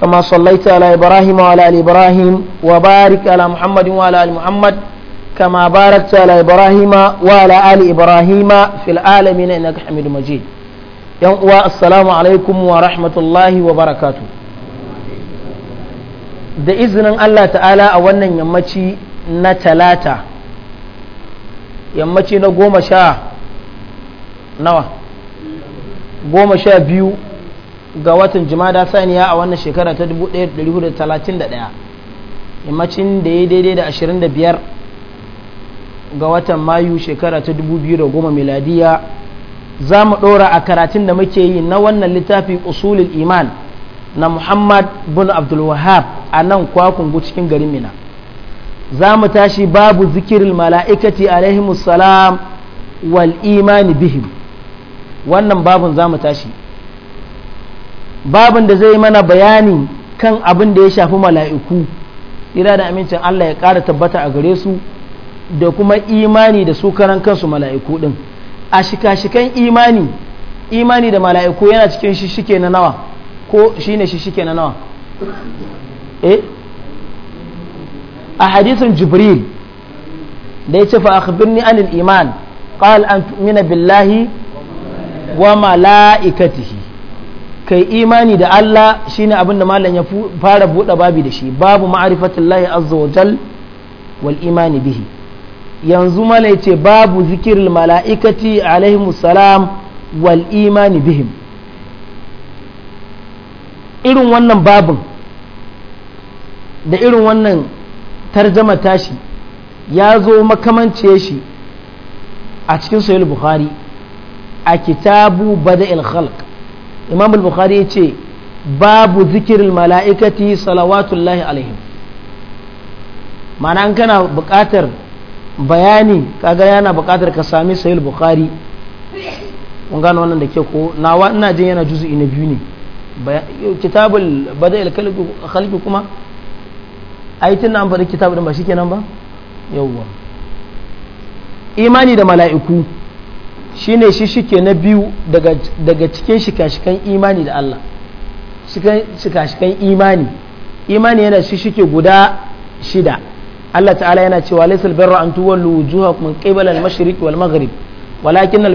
كما صليت على إبراهيم وعلى آل إبراهيم وبارك على محمد وعلى آل محمد كما باركت على إبراهيم وعلى آل إبراهيم في العالمين إنك حميد مجيد يوم السلام عليكم ورحمة الله وبركاته da izinin Allah ta'ala a wannan yammaci na talata yammaci na goma sha nawa goma sha biyu ga watan jimada saniya a wannan shekara ta 1431 yammacin da ya daidai da 25 ga watan mayu shekara ta 2010 miladiya za mu ɗora a karatun da muke yi na wannan littafi usulul iman na muhammad bin abdulwahab a nan kwakungu cikin garin mina za mu tashi babu zikirin mala'ikati alaihimussalam wal imani bihim wannan babun za mu tashi babin da zai mana bayani kan abin da ya shafi mala'iku ira da amincin Allah ya ƙara tabbata a gare su da kuma imani da su karan kansu mala'iku ɗin a shika-shikan imani imani da mala'iku yana cikin shishike na nawa ko shi ne shishike na nawa eh a hadisin jibril da ya ce fa akhbirni anil iman qal an tu'mina billahi wa mala'ikatihi kai imani da Allah shine abin da malam ya fara buɗe babi da shi babu ma'rifatillahi azza wa wal imani bihi yanzu malam ya ce babu zikiril mala'ikati alaihimus salam wal imani bihim irin wannan babin da irin wannan tarjama tashi ya zo makamance shi a cikin sahih bukhari a kitabu bada'il khalq imam al-bukhari ya ce babu zikirin mala'ikati salawatullahi alaihim ma'ana kana buƙatar bayani kaga yana buƙatar ka sami sahih bukhari kun gano wannan da ke ko nawa ina jin yana juzu na biyu ne kitabul bada khalqi kuma a yi tunan faɗi kitabu ba ba kenan ba yawon imani da mala'iku shine shi shike na biyu daga cikin shika-shikan imani da Allah shika-shikan imani imani yana shi shike guda shida Allah ta'ala yana cewa laysal birra an tuwallu wujuhakum qibala al-mashriq wal maghrib walakin al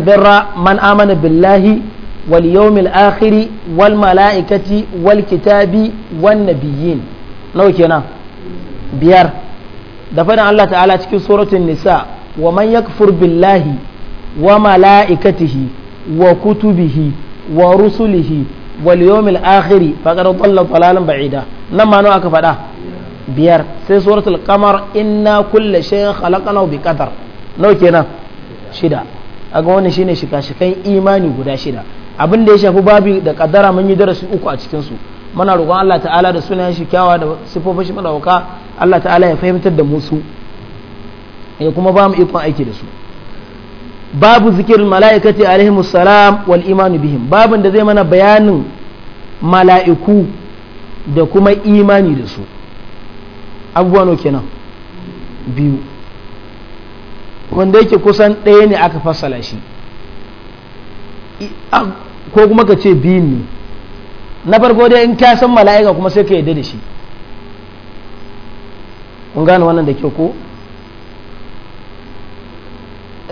man amana billahi wal yaumil akhir wal malaikati wal kitabi wan nabiyyin nawa kenan biyar da fadin Allah ta'ala cikin suratul nisa wa man yakfur billahi wa mala'ikatihi wa kutubihi wa rusulihi wal yawmil akhiri faqad dhalla dhalalan ba'ida nan ma nawa aka faɗa biyar sai suratul kamar inna kulla shay'in khalaqnahu bi qadar nawa kenan shida aga wani shine shika-shikan imani guda shida abin da ya shafi babu da kaddara mun yi darasi uku a cikin su muna roƙon Allah ta'ala da sunayen shi kyawa da sifofin shi madaukaka Allah ta'ala ya fahimtar da mu su ya kuma ba mu ikon aiki da su babu zikirin mala'ikati alaihi salam wal imanu bihim babin da zai mana bayanin mala'iku da kuma imani da su abubuwa no kenan biyu wanda yake kusan ɗaya ne aka fassala shi ko kuma ka ce biyu ne na farko dai in ka san mala'ika kuma sai ka yadda da shi kun gane wannan da kyau ko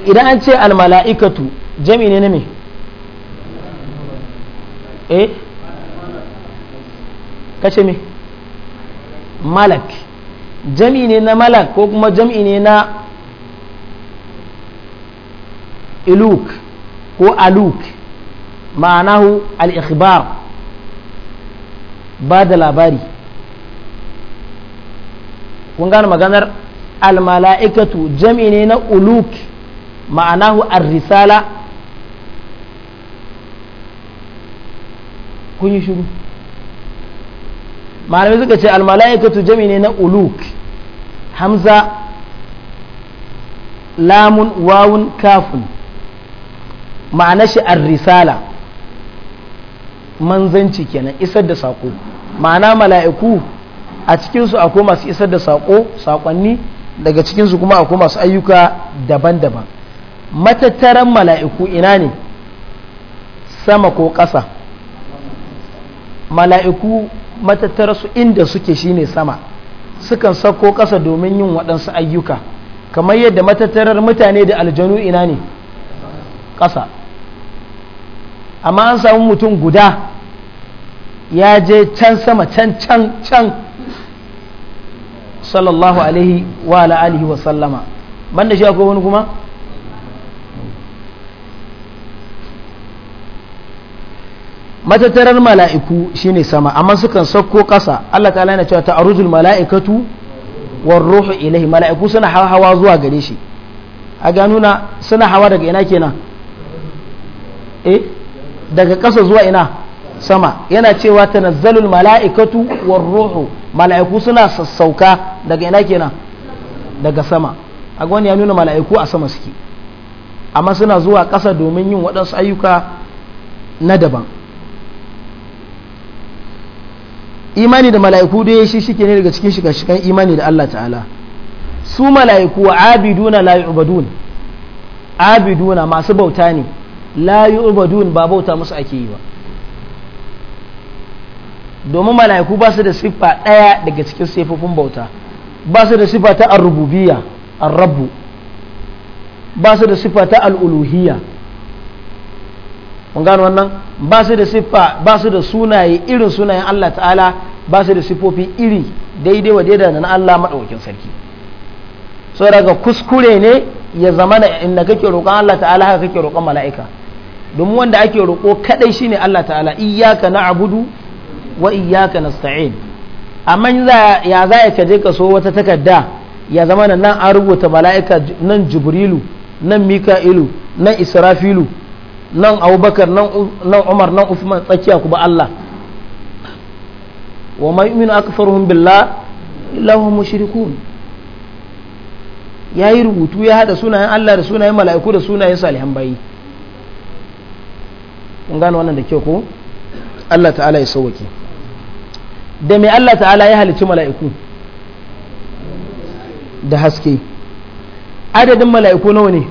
idan an ce almala'ikatu jami ne na me eh kace me malak jami ne na malak ko kuma jami ne na iluk ko aluk ma'anahu al-ikhbar ba da labari kun gane maganar almala'ikatu jami ne na uluk ma'anahu ar-risala kun yi shiru malamai suka ce almala'ikatu jami ne na uluk hamza lamun wawun kafin ma'ana shi ar-risala manzanci kenan isar da sako ma'ana mala'iku a cikinsu akwai masu isar da sako sakonni daga cikinsu kuma akwai masu ayyuka daban-daban matattaran mala'iku ina ne sama ko ƙasa mala'iku matattara su inda suke shine sama sukan sako ƙasa domin yin waɗansu ayyuka kamar yadda matattarar mutane da aljanu ina ne ƙasa amma an samu mutum guda ya je can sama can can can sallallahu alaihi wa alihi wa sallama banda shi akwai wani kuma matattarar mala'iku shi ne sama amma sukan sauko ƙasa Allah ta yana cewa aruzul mala'ikatu war ruhu ilahi mala'iku suna hawa zuwa gare shi a ga nuna suna hawa daga ina kenan eh daga ƙasa zuwa ina sama yana cewa ta tanazzalul mala'ikatu war ruhu mala'iku suna sassauka daga ina kenan daga sama a wani ya nuna mala'iku a sama suke amma suna zuwa ƙasa domin yin waɗansu ayyuka na daban imani da mala'iku ya shi shike ne daga cikin shiga-shigan imani da Allah ta'ala su mala'iku abiduna la yu'badun abiduna masu bauta ne la yu'badun ba bauta musu ake yi ba domin mala'iku ba su da siffa ɗaya daga cikin siffofin bauta ba su da siffa ta ar-rububiyya ar-rabbu ba su da siffa ta al-uluhiyya mun gano wannan ba su da siffa ba su da sunaye irin sunayen Allah ta'ala ba su da siffofi iri daidai wa daidai na Allah maɗaukin sarki so daga kuskure ne ya zama da inda kake roƙon Allah ta'ala haka kake roƙon mala'ika domin wanda ake roƙo kadai shine Allah ta'ala iyyaka na'budu wa iyyaka nasta'in amma ya za ya kaje ka so wata takarda ya zama nan an rubuta mala'ika nan jibrilu nan mika'ilu nan israfilu nan abubakar nan umar nan usman tsakiya ku ba Allah wa ma yu'minu aktharuhum billah illa hum mushrikun yayi rubutu ya hada sunayen Allah da sunayen mala'iku da sunayen salihan bayi kun gane wannan da kyau ko Allah ta'ala ya sauwake da me Allah ta'ala ya halicci mala'iku da haske adadin mala'iku nawa ne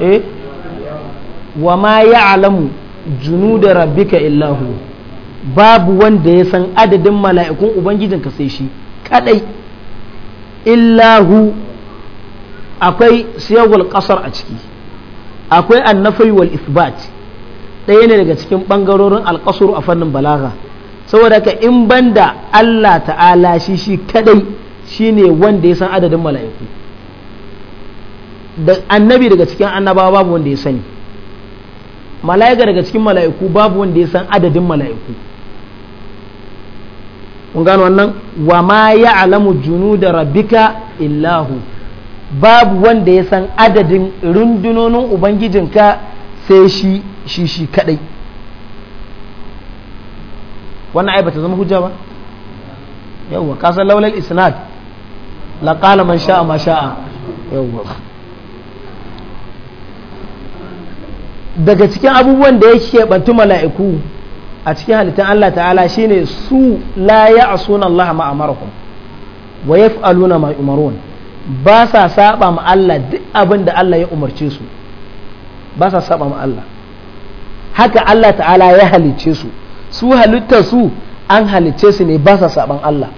eh wa ma ya alamu junu da rabbika illahu babu wanda ya san adadin mala'ikun ubangijinka sai shi kadai illahu akwai siyagul kasar a ciki akwai annafai wal isbat ɗaya ne daga cikin ɓangarorin alƙasuru a fannin balaga saboda ka in banda Allah ta'ala shi shi kadai shine wanda ya san adadin mala'iku annabi daga cikin annabawa babu wanda ya sani mala'ika daga cikin mala'iku babu wanda ya san adadin mala'iku kun gano wannan wa ma ya'lamu junuda rabbika illahu babu wanda ya san adadin rundunonin ubangijinka sai shi shi shi kadai wannan ai bata zama hujja ba yawwa kasan laulal isnad la qala man sha'a ma sha'a yawwa daga cikin abubuwan da yake bantu mala'iku a cikin halittar Allah ta'ala shine su laye a sunan Allah ma amarakum wa yaf'aluna ma yumarun ba sa saba ma Allah duk abin da Allah ya umarce su ba sa saba ma Allah haka Allah ta'ala ya halicce su su halitta su an halicce su ne ba sa saban Allah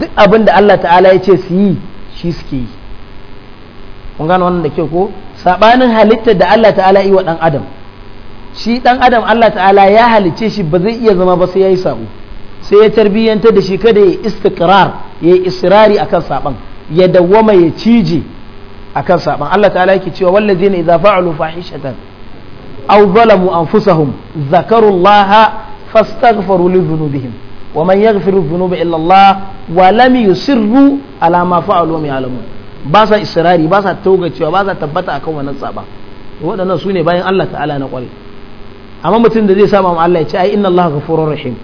duk abin da Allah ta'ala ya ce su yi shi suke yi kun gano wannan da ke ko saɓanin halittar da Allah ta'ala yi wa ɗan adam shi dan adam Allah ta'ala ya halice shi ba zai iya zama ba sai ya yi sabo sai ya tarbiyyantar da shi kada ya istikrar ya yi israri kan saban ya dawwama ya cije kan saban Allah ta'ala yake cewa wallazina idza fa'alu fahishatan aw zalamu anfusahum zakarullaha fastaghfiru li dhunubihim wa man yaghfiru dhunuba illa Allah wa lam yusirru ala ma fa'alu wa ya'lamun ba sa israri ba sa tauga cewa ba sa tabbata akan wannan saba waɗannan su ne bayan Allah ta'ala na ƙwarai amma mutum da zai saba ma Allah ya ce ai inna Allah ghafurur rahim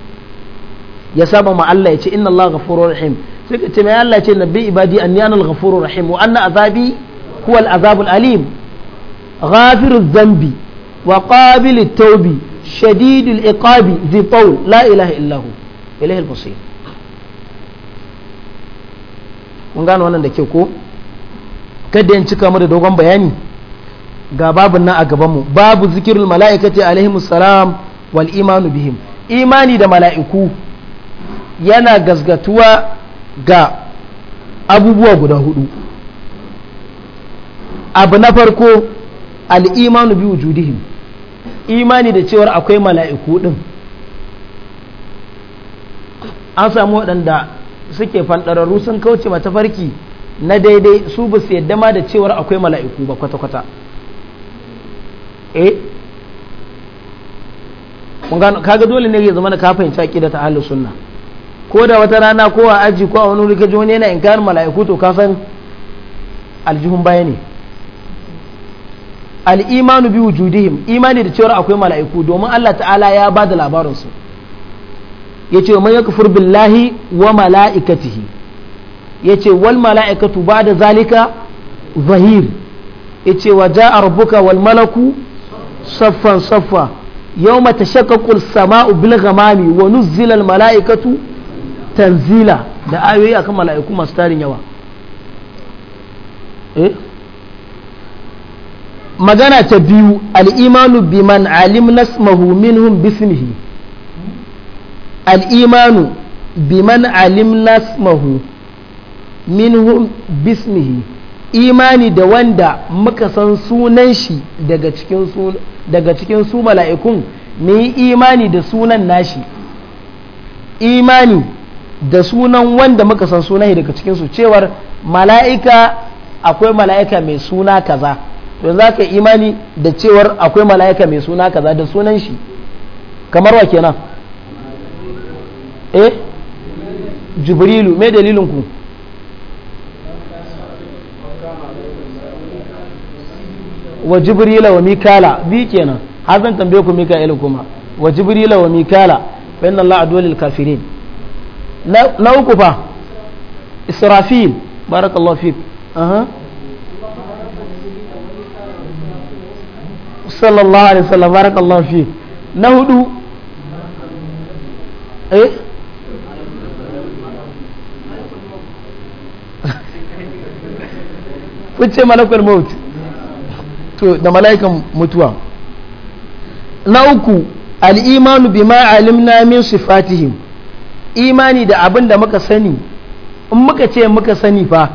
ya saba ma Allah ya ce inna Allah ghafurur rahim sai ka ce mai Allah ce nabi ibadi an ana ghafurur rahim wa anna azabi huwa al-azab al-alim ghafiru dhanbi wa qabil at-tawbi shadid al-iqabi dhi tawl la ilaha illa hu ilayhi al-masir mun gano wannan da ke ko kada yin cika mu da dogon bayani ga babu nan a gabanmu babu zikirul mala'ikati alaihimu salam wal imanu bihim imani da mala'iku yana gazgatuwa ga abubuwa guda hudu abu na farko al'imanu bi wujudihim imani da cewar akwai mala'iku din an samu waɗanda suke fanɗararru sun kauce mata farki na daidai su ba su yadda ma da cewar akwai mala'iku ba kwata-kwata eh kaga dole ne ya zama na kafin caƙi da ta ahlus sunna ko da wata rana ko a aji ko a wani wuri kaji wani yana kayan mala'iku to kafin aljihun baya ne al'imanu imanu bi wujudihim imani da cewar akwai mala'iku domin Allah ta'ala ya ba da labarin su yace man billahi wa mala'ikatihi yace wal mala'ikatu ba'da zalika zahir ce wa ja'a rabbuka wal malaku saffan saffa yau mata shakakul sama'u bil gamami wa nuzzilal mala'ikatu tanzila da ayoyi akan mala'iku masu tarin yawa magana ta biyu al'imanu biman alim nasmahu minhum bismihi al'imanu biman alim nasmahu minhum bismihi imani da wanda muka san sunan shi daga cikin su mala'ikun mu yi imani da sunan nashi imani da sunan wanda muka san sunan shi daga cikinsu cewar mala'ika akwai mala'ika mai suna kaza to za ka imani da cewar akwai mala'ika mai suna kaza da sunan shi kamar wa kenan eh jibrilu mai dalilin ku wa jibrila wa mikala bi kenan har zan tambaye ku mika'il kuma wa jibrila wa mikala fa inna allaha adu lil kafirin na uku fa israfil barakallahu fik aha sallallahu alaihi wasallam barakallahu fik na hudu eh kun ce malakul maut to da mala'ikan mutuwa na uku al'imanu bi alimna min sifatihim imani da abin da muka sani in muka ce muka sani fa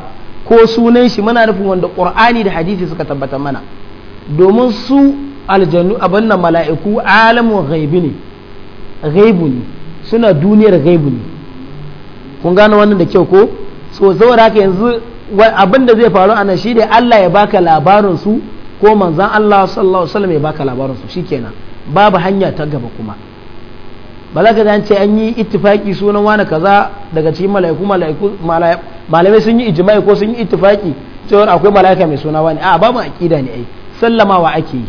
ko sunan shi muna nufin wanda ƙur'ani da hadisi suka tabbata mana domin su aljanu abin nan mala'iku alamun ghaibi ne ghaibu ne suna duniyar ghaibu ne kun gano wannan da kyau ko so saboda haka yanzu abin da zai faru a nan shi da Allah ya baka labarin su ko manzan Allah sallallahu alaihi wasallam ya baka labarin su shikenan babu hanya ta gaba kuma ba za ka an ce an yi ittifaki sunan wani kaza daga cikin mala'iku mala'iku malamai sun yi ijma'i ko sun yi ittifaki cewar akwai mala'ika mai suna wani a babu aqida ne ai sallamawa ake yi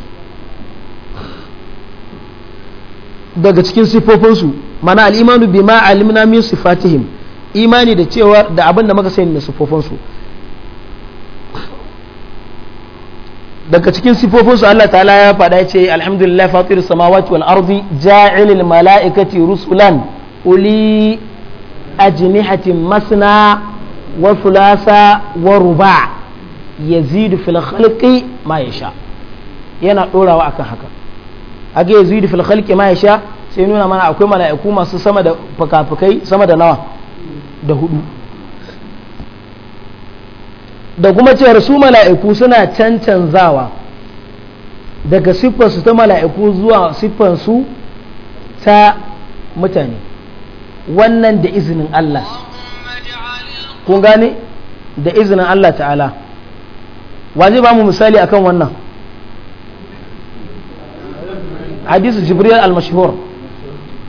daga cikin su mana al-imanu bima alimna min sifatihim imani da cewa da abin da muka sani na su daga cikin sifofinsu Allah ta'ala ya faɗa ya ce alhamdulillah fatir samawati wal ardi ja'ilil mala'ikati rusulan uli ajnihatin masna wa thulatha wa ruba yazidu fil khalqi ma yasha yana dorawa akan haka aga yazidu fil khalqi ma yasha sai nuna mana akwai mala'iku masu sama da sama da nawa da hudu da kuma cewar su mala'iku suna cancanzawa daga siffarsu ta mala'iku zuwa siffarsu ta mutane wannan da izinin Allah kun gane da izinin Allah ta'ala waje ba mu misali akan wannan hadisu jibril al-mashhur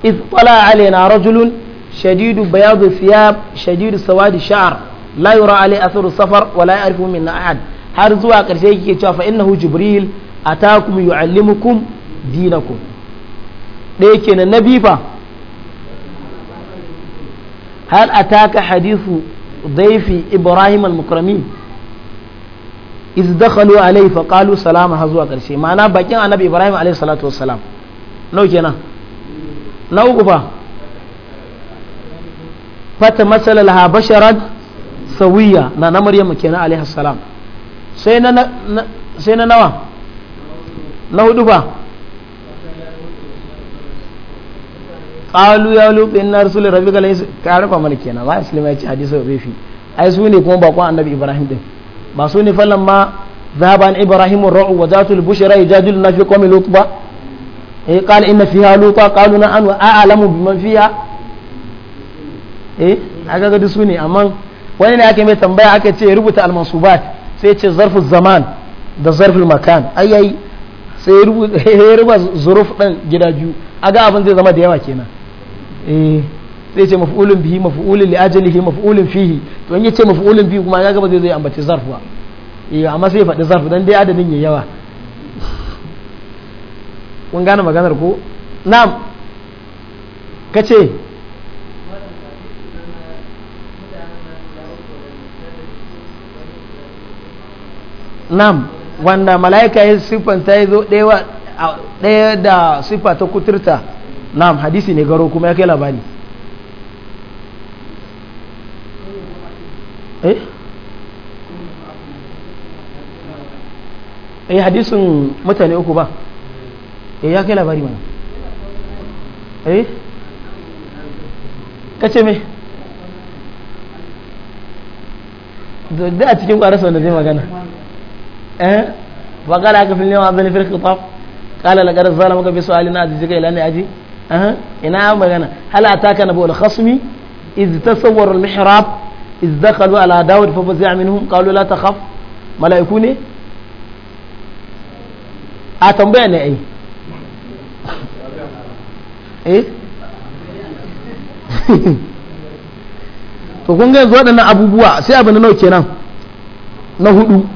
iz tala alaina rajulun shadidu bayadu thiyab shadidu sawadi sha'ar la yura alai atharu safar wa la ya'rifu minna ahad har zuwa karshe yake cewa fa innahu jibril atakum yu'allimukum dinakum ɗaya kenan na bifa hal ataka hadithu daifi ibrahim al-mukramin iz dakhalu alayhi fa qalu salama har zuwa karshe ma'ana bakin annabi ibrahim alayhi salatu wassalam nau kenan na uku fa fata masalal ha basharat sawiya na na maryam kenan alaihi salam sai na sai na nawa na hudu fa qalu ya lubi inna rasul rabbika la ka rafa mana kenan ba islima ya ci hadisi ba fi ai su ne kuma bakon annabi ibrahim din ba su ne fallan ma ذهب عن إبراهيم الرعو وذات البشرى يجادلنا في قوم لوط قال إن فيها لوطا قالوا نعم وأعلم بمن فيها eh aka eh, ga su ne amma wani ne ake mai tambaya aka ce rubuta almasubat sai ce zarfu zaman da zarfin makan ayayi sai ya rubuta zuruf ɗin gida biyu a ga abin zai zama da yawa kenan eh, sai ce mafi'ulun bihi mafi'ulun li'ajalihi mafi'ulun fihi to in ce mafi'ulun bihi kuma ya gaba zai zai ambaci zarf ba eh, amma sai ya faɗi zarf don dai adadin ya yawa kun gane maganar ko na'am kace nam wanda mala'ika ya sifanta ya zo ɗaya da sifa ta kuturta nam hadisi ne garo kuma ya kai labari eh eh hadisin mutane uku ba eh ya kai labari mana eh kace me da a cikin ƙwararsa wanda zai magana eh ba qala haka fil yawm azani fil khitab qala laqad zalamaka bi su'alina ajzika ila aji eh ina magana hal ataka nabu al khasmi iz tasawwara al mihrab iz dakhalu ala daud fa fazi'a minhum qalu la takhaf mala'iku ne a eh? to kun ga yanzu waɗannan abubuwa sai abu na nau kenan na hudu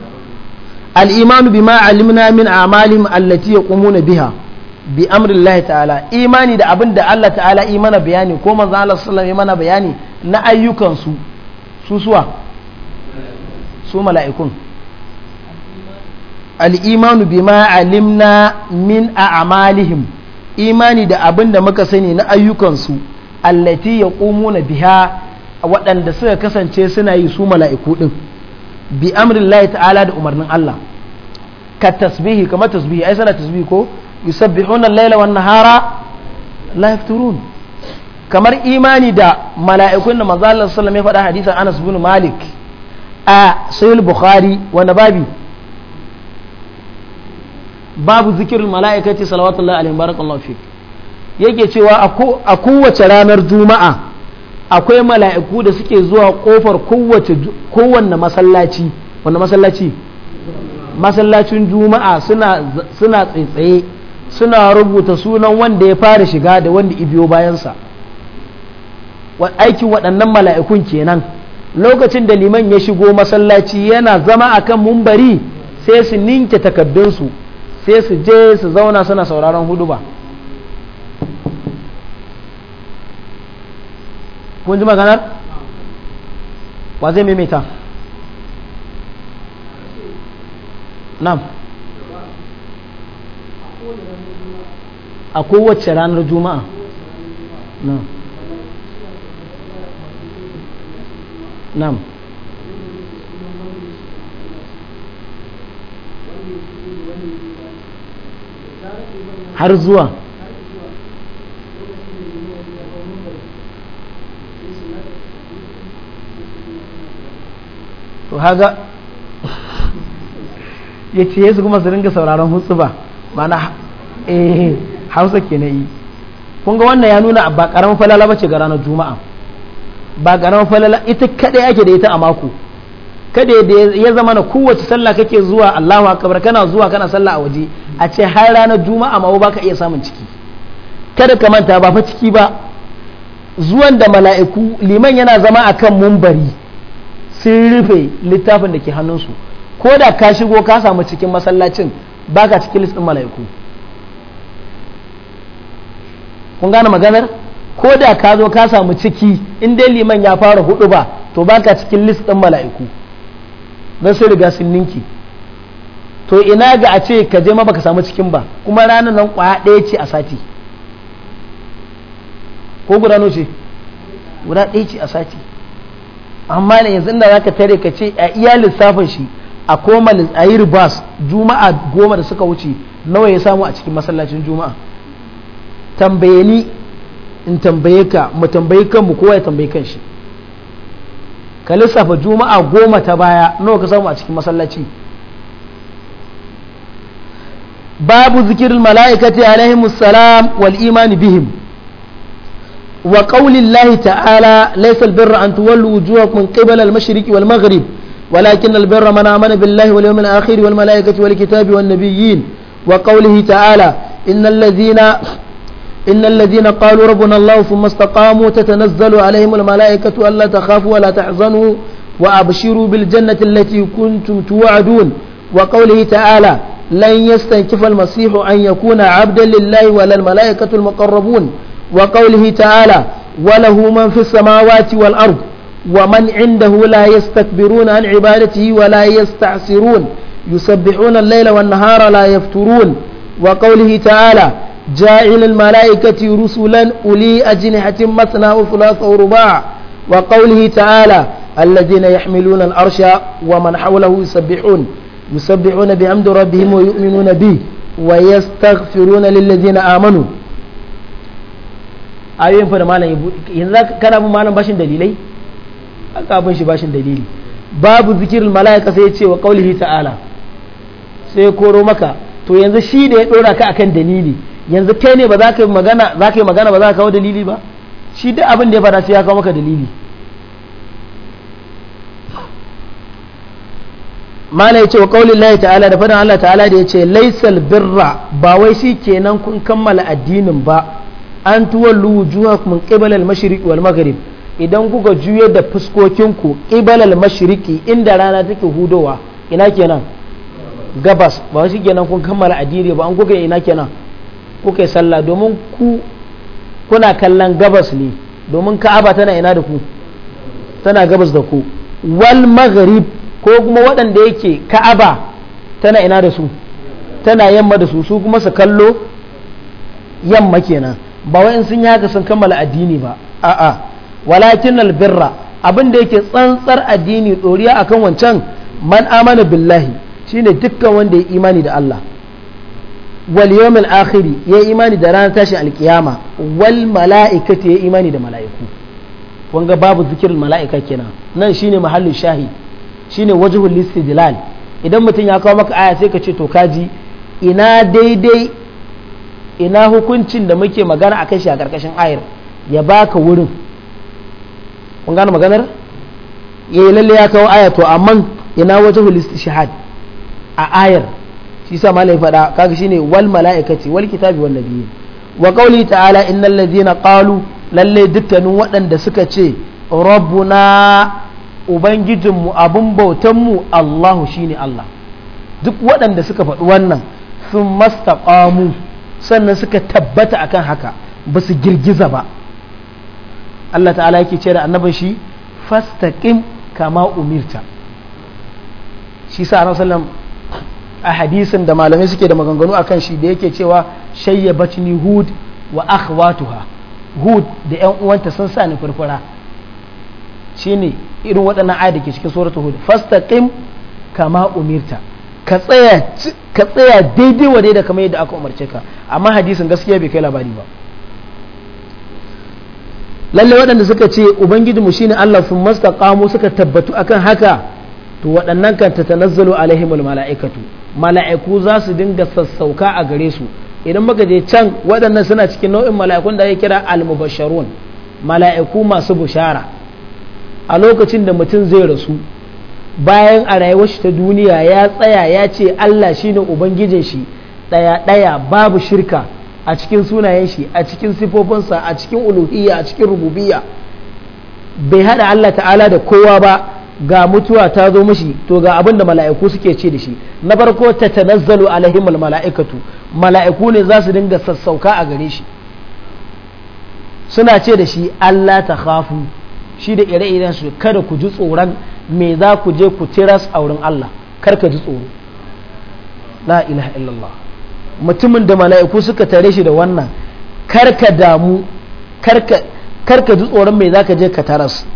al'imanu bi ma'alimna min amalim allati ya na biha bi amrin Allah ta'ala imani da abin da Allah ta'ala yi mana bayani ko manzan Allah sallam mana bayani na ayyukansu su suwa su mala'ikun al'imanu bi ma'alimna min amalihim imani da abin da muka sani na ayyukansu allati ya na biha waɗanda suka kasance suna yi su mala'iku ɗin bi amrin amrillahi ta'ala da umarnin Allah ka tasbihi kamar tasbihi ai sana tasbihi ko yusabbihuna al-laila wan nahara la yafturun kamar imani da mala'ikun da manzo Allah sallallahu alaihi wasallam ya faɗa hadisin Anas bin Malik a sahih Bukhari wanda babi babu zikirul mala'ikati salawatullahi alaihi barakallahu fik yake cewa a kowace ranar juma'a akwai mala'iku da suke zuwa kofar kowanne masallaci wanda masallaci masallacin juma'a suna tsaye suna rubuta sunan wanda ya fara shiga da wanda ibiyo bayansa aikin waɗannan mala'ikun kenan lokacin da liman ya shigo masallaci yana zama a kan mumbari sai su ninke takaddunsu sai su je su zauna suna sauraron huduba kun ji maganar wa zai maimaita nam a kowace ranar juma'a nam nam har zuwa to haga ya ce yesu kuma su ringa sauraron hutsu ba mana eh hausa ke na yi kunga wannan ya nuna ba karamin falala ba ce ga ranar juma'a ba karamin falala ita kadai ake da ita a mako kada da ya zama na kowace sallah kake zuwa Allahu akbar kana zuwa kana sallah a waje a ce har ranar juma'a ma ba ka iya samun ciki kada ka manta ba fa ciki ba zuwan da mala'iku liman yana zama akan mumbari sun rufe littafin da ke hannunsu ko da ka shigo ka samu cikin masallacin baka cikin listin mala'iku kun gane maganar ko da ka zo ka samu ciki in dai liman ya fara hudu ba to baka cikin listin mala'iku don sun riga sun ninki to ina ga a ce ka je ma baka samu cikin ba kuma ranar nan kwaya ɗaya ce a sati ko guda ce guda ɗaya ce a sati amma ne yanzu inda zaka tare ka ce a iya lissafin shi a koma a yi ribas juma'a goma da suka wuce nawa ya samu a cikin masallacin juma'a tambaye ni in tambaye ka mu tambayi kanmu kowa ya tambayi kan shi ka lissafa juma'a goma ta baya nawa ka samu a cikin masallaci babu zikirin mala'ikati alaihimus salam wal imani bihim وقول الله تعالى ليس البر أن تولوا وجوهكم قبل المشرق والمغرب ولكن البر من آمن بالله واليوم الآخر والملائكة والكتاب والنبيين وقوله تعالى إن الذين إن الذين قالوا ربنا الله ثم استقاموا تتنزل عليهم الملائكة ألا تخافوا ولا تحزنوا وأبشروا بالجنة التي كنتم توعدون وقوله تعالى لن يستنكف المسيح أن يكون عبدا لله ولا الملائكة المقربون وقوله تعالى وله من في السماوات والأرض ومن عنده لا يستكبرون عن عبادته ولا يستعسرون يسبحون الليل والنهار لا يفترون وقوله تعالى جاعل الملائكة رسلا أولي أجنحة مثنى وثلاث ورباع وقوله تعالى الذين يحملون الأرش ومن حوله يسبحون يسبحون بحمد ربهم ويؤمنون به ويستغفرون للذين آمنوا ayoyin fa da malam ya buɗe yanzu kana bin malam bashin dalilai haka abin shi bashin dalili babu zikirin mala'ika sai ya ce wa qaulihi ta'ala sai koro maka to yanzu shi da ya dora ka akan dalili yanzu kai ne ba za ka yi magana za ka yi magana ba za ka kawo dalili ba shi duk abin da ya fara sai ya kawo maka dalili mala ya ce wa kaulin lahi ta'ala da fadan Allah ta'ala da ya ce laisal birra ba wai shi kenan kun kammala addinin ba an tuwallu wujuhakum kuma al-mashriq wal maghrib idan kuka juye da fuskokinku qibala al-mashriqi inda rana take hudowa ina kenan gabas ba shi kenan kun kammala ajiri ba an kuka ina kenan kuka yi sallah domin ku kuna kallon gabas ne domin ka'aba tana ina da ku tana gabas da ku wal maghrib ko kuma waɗanda yake ka'aba tana ina da su tana yamma da su su kuma su kallo yamma kenan ba wai sun yi haka sun kammala addini ba a'a walakin albirra abin da yake tsantsar addini doriya akan wancan man amana billahi shine dukkan wanda ya imani da Allah wal yawmil akhiri ya imani da ranar tashin alkiyama wal mala'ikati ya imani da mala'iku kun ga babu zikirin mala'ika kenan nan shine mahallin shahi shine wajhul istidlal idan mutum ya kawo maka aya sai ka ce to kaji ina daidai ina hukuncin da muke magana a kai shi a ƙarƙashin ayar ya baka wurin kun gane maganar ya yi lalle ya kawo aya to amma ina wajen hulis shahad a ayar shi sa malai faɗa kaga shine wal mala'ikati wal kitabi wal nabiyyi wa qawli ta'ala innal ladina qalu lalle dukkanin waɗanda suka ce rabbuna ubangijinmu abin mu, Allahu shine Allah duk waɗanda suka faɗi wannan sun mastaqamu sannan suka tabbata akan haka ba su girgiza ba Allah ta'ala yake ce da annabin shi fastaqim kama umirta shi sa annabi sallam a hadisin da malamai suke da maganganu akan shi da yake cewa shayyabatni hud wa akhwatuha hud da yan uwanta sun sa ni furfura shine irin waɗannan ayat da ke cikin suratul hud fastaqim kama umirta ka tsaya daidai wa da kamar yadda aka umarce ka amma hadisin gaskiya bai kai labari ba lalle waɗanda suka ce ubangiji mu shine Allah sun kamo suka tabbatu akan haka to waɗannan kan ta tanazzalu alaihimul mala'ikatu mala'iku za su dinga sassauka a gare su idan muka je can waɗannan suna cikin nau'in mala'ikun da ake kira almubasharun mala'iku masu bushara a lokacin da mutum zai rasu bayan a rayuwar shi ta duniya ya tsaya ya ce Allah shine ubangijin shi daya daya babu shirka a cikin sunayen shi a cikin sifofinsa a cikin uluhiyya a cikin rububiyya bai hada Allah ta'ala da kowa ba ga mutuwa ta zo mishi to ga abin da mala'iku suke ce da shi na farko ta tanazzalu alaihim mala'ikatu mala'iku ne za su dinga sassauka a gare shi suna ce da shi Allah ta khafu shi da ire-iren su kada ku ji tsoron me za ku je ku tiras a wurin Allah kar ka ji tsoro la ilaha illallah mutumin da mala'iku suka tare shi da wannan kar ka damu kar ka ji tsoron mai za ka je ka taras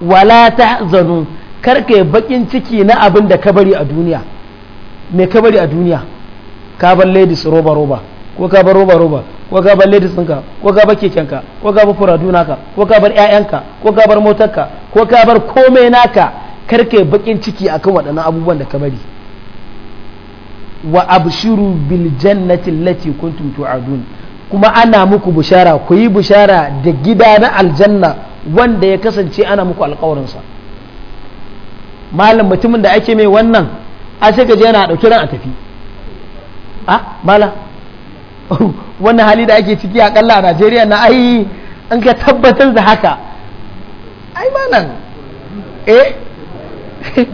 wala zanu kar ka yi bakin ciki na abin da ka bari a duniya me ka bari a duniya ka bar ladies roba roba ko ka bar roba roba ko ka bar ladies ɗinka ko ka bar kekenka ko ka bar furadun naka ko ka bar ƴaƴanka ko ka bar motarka ko ka bar komai naka kar kai bakin ciki akan waɗannan abubuwan da ka bari wa abshiru bil jannati allati kuntum tu'adun kuma ana muku bushara ku yi bushara da gida na aljanna wanda ya kasance ana muku alƙawarin sa malam mutumin da ake mai wannan a sai ka je yana dauki ran a tafi a ah, mala wannan hali da ake ciki a kalla a najeriya na ai an ka tabbatar da haka ai nan eh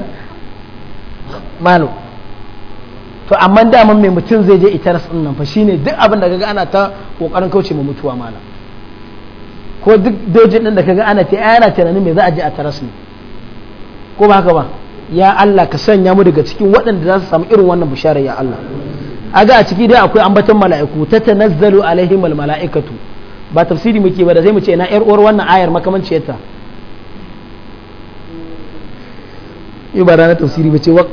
malu to amma daman mai mutum zai je ita din nan fa shine duk abin da kaga ana ta kokarin kauce ma mutuwa mala ko duk dojin din da kaga ana ta ana tunanin me za a je a tarasu ko ba haka ba ya Allah ka sanya mu daga cikin waɗanda za su samu irin wannan bishara ya Allah a ga a ciki dai akwai ambaton mala'iku ta tanazzalu alaihim al mala'ikatu ba tafsiri muke ba da zai mu ce na yar uwar wannan ayar makamanciyar ta yi ba ranar tafsiri ba ce wa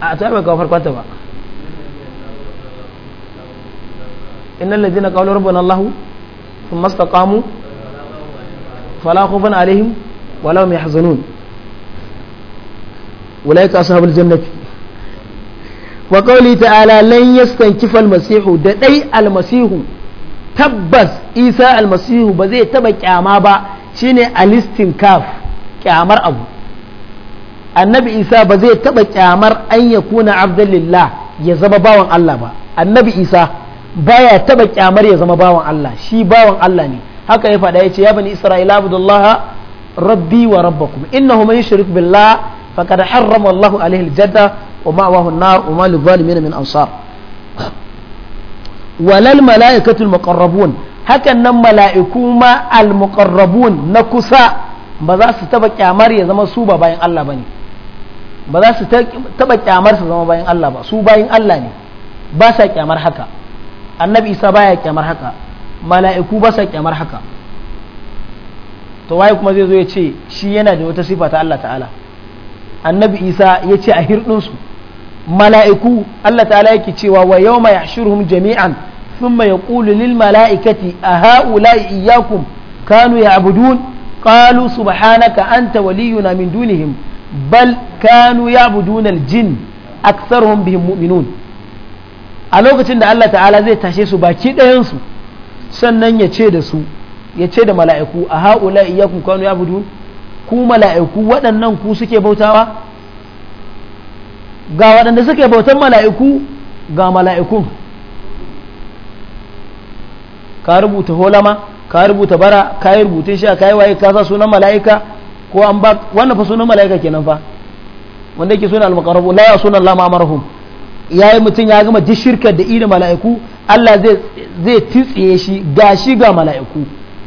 a ta bai kawo farkonta ba inna lalzina kawo rabbin allahu sun masta kamu falakofin alaihim walau mai hazanun walaika ashabul jannati wa qawli ta'ala lan yastankifa almasihu da dai almasihu tabbas isa almasihu ba zai taba kyama ba shine alistinkaf kyamar abu annabi isa ba zai taba kyamar an ya kuna abdullillah ya zama bawan Allah ba annabi isa baya taba kyamar ya zama bawan Allah shi bawan Allah ne haka ya faɗa ya ce ya bani isra'ila abdullaha rabbi wa rabbakum innahu man yushrik billah faqad harrama Allahu alaihi aljanna ومأواه النار وما للظالمين من أنصار walal mala'ikatul muqarrabun hakan nan mala'iku ma al muqarrabun na kusa ba za su taba kyamar ya zama su ba bayan Allah ne ba sa kyamar haka annabi isa kyamar haka mala'iku ba sa kyamar haka to waye kuma zai zo ya ce shi yana da wata sifa ta Allah ta'ala annabi isa ya ce a hirɗinsu mala'iku Allah ta'ala yake cewa wa yawma yahshuruhum jami'an thumma yaqulu lil mala'ikati a ha'ula'i iyyakum kanu ya'budun qalu subhanaka anta waliyuna min dunihim bal kanu ya'budun al jin aktharuhum bihim mu'minun a lokacin da Allah ta'ala zai tashe su baki ɗayan su sannan ya ce da su ya ce da mala'iku a ha'ula'i iyyakum kanu ku mala'iku waɗannan ku suke bautawa ga waɗanda suke bautan mala'iku ga mala'ikun ka rubuta holama ka rubuta bara ka yi rubutun sha ka yi waye ka sa sunan mala'ika ko an ba wannan fa sunan mala'ika kenan fa wanda yake sunan almakarabu la ya sunan lama marhum yi mutum ya gama ji shirkar da irin mala'iku Allah zai titsiye shi gashi ga mala'iku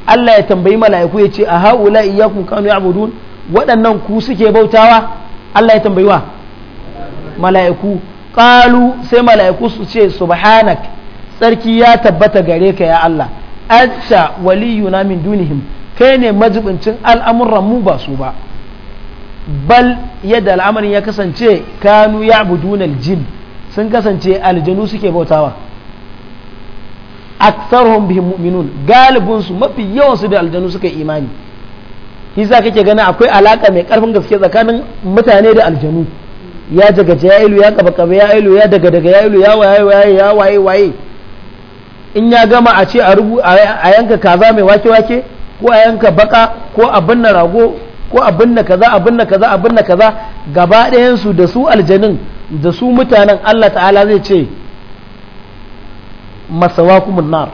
Allah ya tambayi mala'iku ya ce a haula iyyakum kanu ya'budun waɗannan ku suke bautawa Allah ya tambayi wa mala'iku ƙalu sai mala'iku su ce subhanak tsarki ya tabbata gare ka ya Allah anta waliyuna min dunihim kai ne majibincin al'amuran mu ba su ba bal yadda al'amarin ya kasance kanu ya abudunan jin sun kasance aljanu suke bautawa aksarhum bihim mu'minun galibinsu mafi yawansu da aljanu suka imani shi kake gani akwai alaka mai karfin gaske tsakanin mutane da aljanu ya daga ilu ya kaba kaba ya ilu ya daga daga ya ilu ya waye waye ya waye waye in ya gama a ce a rubu a yanka kaza mai wake wake ko a yanka baka ko a binne rago ko a binne kaza a binne kaza a binne kaza gaba ɗayan su da su aljanin da su mutanen Allah ta'ala zai ce masawakumun nar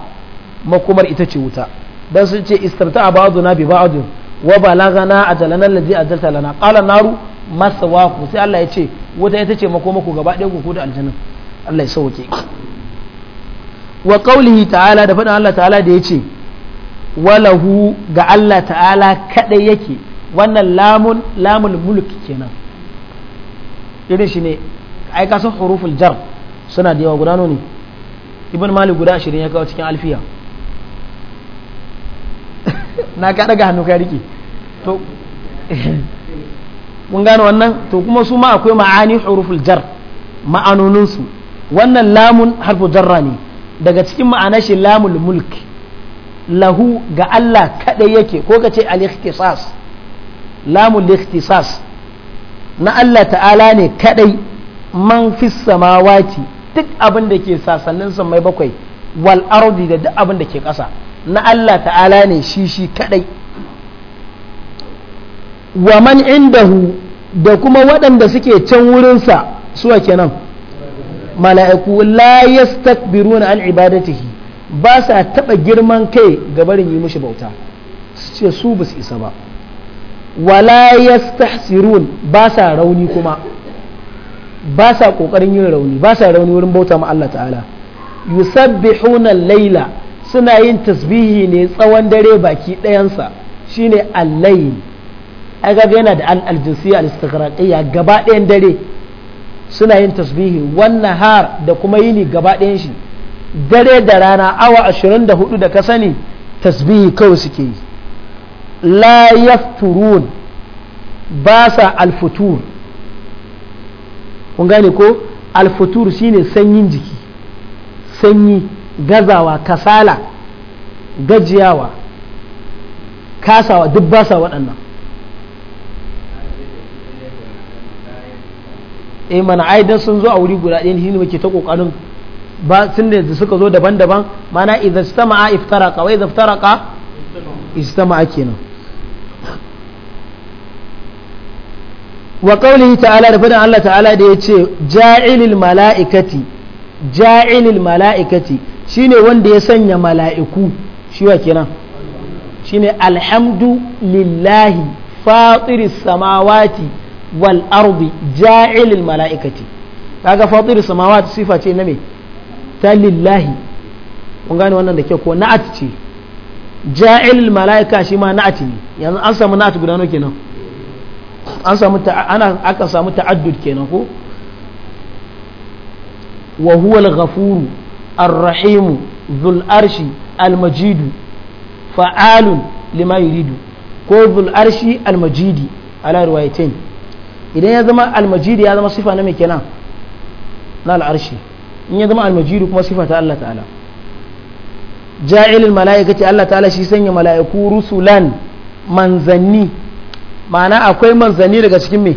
makomar ita ce wuta dan sun ce istarta ba'duna bi ba'dun wa balagana ajalana allazi ajalta lana qala naru waku sai Allah ya ce wata ita ce makomako gaba ɗaya ku da aljanin Allah ya sauke wa ƙaulihi ta'ala da faɗin Allah ta'ala da ya ce walahu ga Allah ta'ala kaɗai yake wannan lamun lamun mulki kenan irin shi ne ai ka san huruful jar suna da yawa guda ne ibn malik guda ashirin ya kawo cikin alfiya na ka daga hannu ka rike to mun gane wannan to kuma su ma akwai ma'ani huruful jar ma'anonin su wannan lamun harfu jarra ne daga cikin ma'ana shi lamul mulk lahu ga Allah kadai yake ko ka ce al-ikhtisas lamul ikhtisas na Allah ta'ala ne kadai man fis samawati duk abin da ke sasannin mai bakwai wal ardi da duk abin da ke kasa na Allah ta'ala ne shi shi kadai wa man indahu da kuma waɗanda suke can wurinsa suwa kenan mala'iku la yastakbiruna an ibadatihi ba sa taɓa girman kai ga barin yi mushi bauta su ce su ba su isa ba wa la yastahsirun ba sa rauni kuma ba sa ƙoƙarin yin rauni ba sa rauni wurin bauta ma Allah ta'ala yusabbihuna laila suna yin tasbihi ne tsawon dare baki ɗayansa shine allayi ai ga yana da al-jinsiya al-istighraqiyya gaba ɗayan dare suna yin tasbihi wannan har da kuma yini gaba ɗayan shi dare da rana awa 24 da ka sani tasbihi kawai suke yi la yafturun ba sa al-futur kun gane ko alfutur shine sanyin jiki sanyi gazawa kasala gajiyawa kasawa duk ba sa waɗannan eh mana ai dan sun zo a wuri guda ɗaya shine muke ta kokarin ba sun da suka zo daban-daban mana idan istama'a iftaraka wa idan iftaraka istama'a kenan wa qawlihi ta'ala da fadan Allah ta'ala da yace ja'ilil mala'ikati ja'ilil mala'ikati shine wanda ya sanya mala'iku shi wa kenan shine alhamdu lillahi fatiris samawati wal ardi ja'ilil mala'ikati kaga fatir samawat sifa ce na me ta lillahi kun gane wannan da ke ko na'at ce ja'ilil mala'ika shi ma na'at ne yanzu an samu na'at guda nawa kenan an samu ana aka samu ta'addud kenan ko wa huwa al-ghafuru ar-rahim dhul arshi al-majid fa'alun lima yuridu ko dhul arshi al-majidi ala riwayatain idan ya zama almajiri ya zama sifa na mai kenan na al'arshi in ya zama almajiri kuma sifa ta Allah ta'ala ja'ilul mala'ikati Allah ta'ala shi sanya mala'iku rusulan manzanni ma'ana akwai manzanni daga cikin me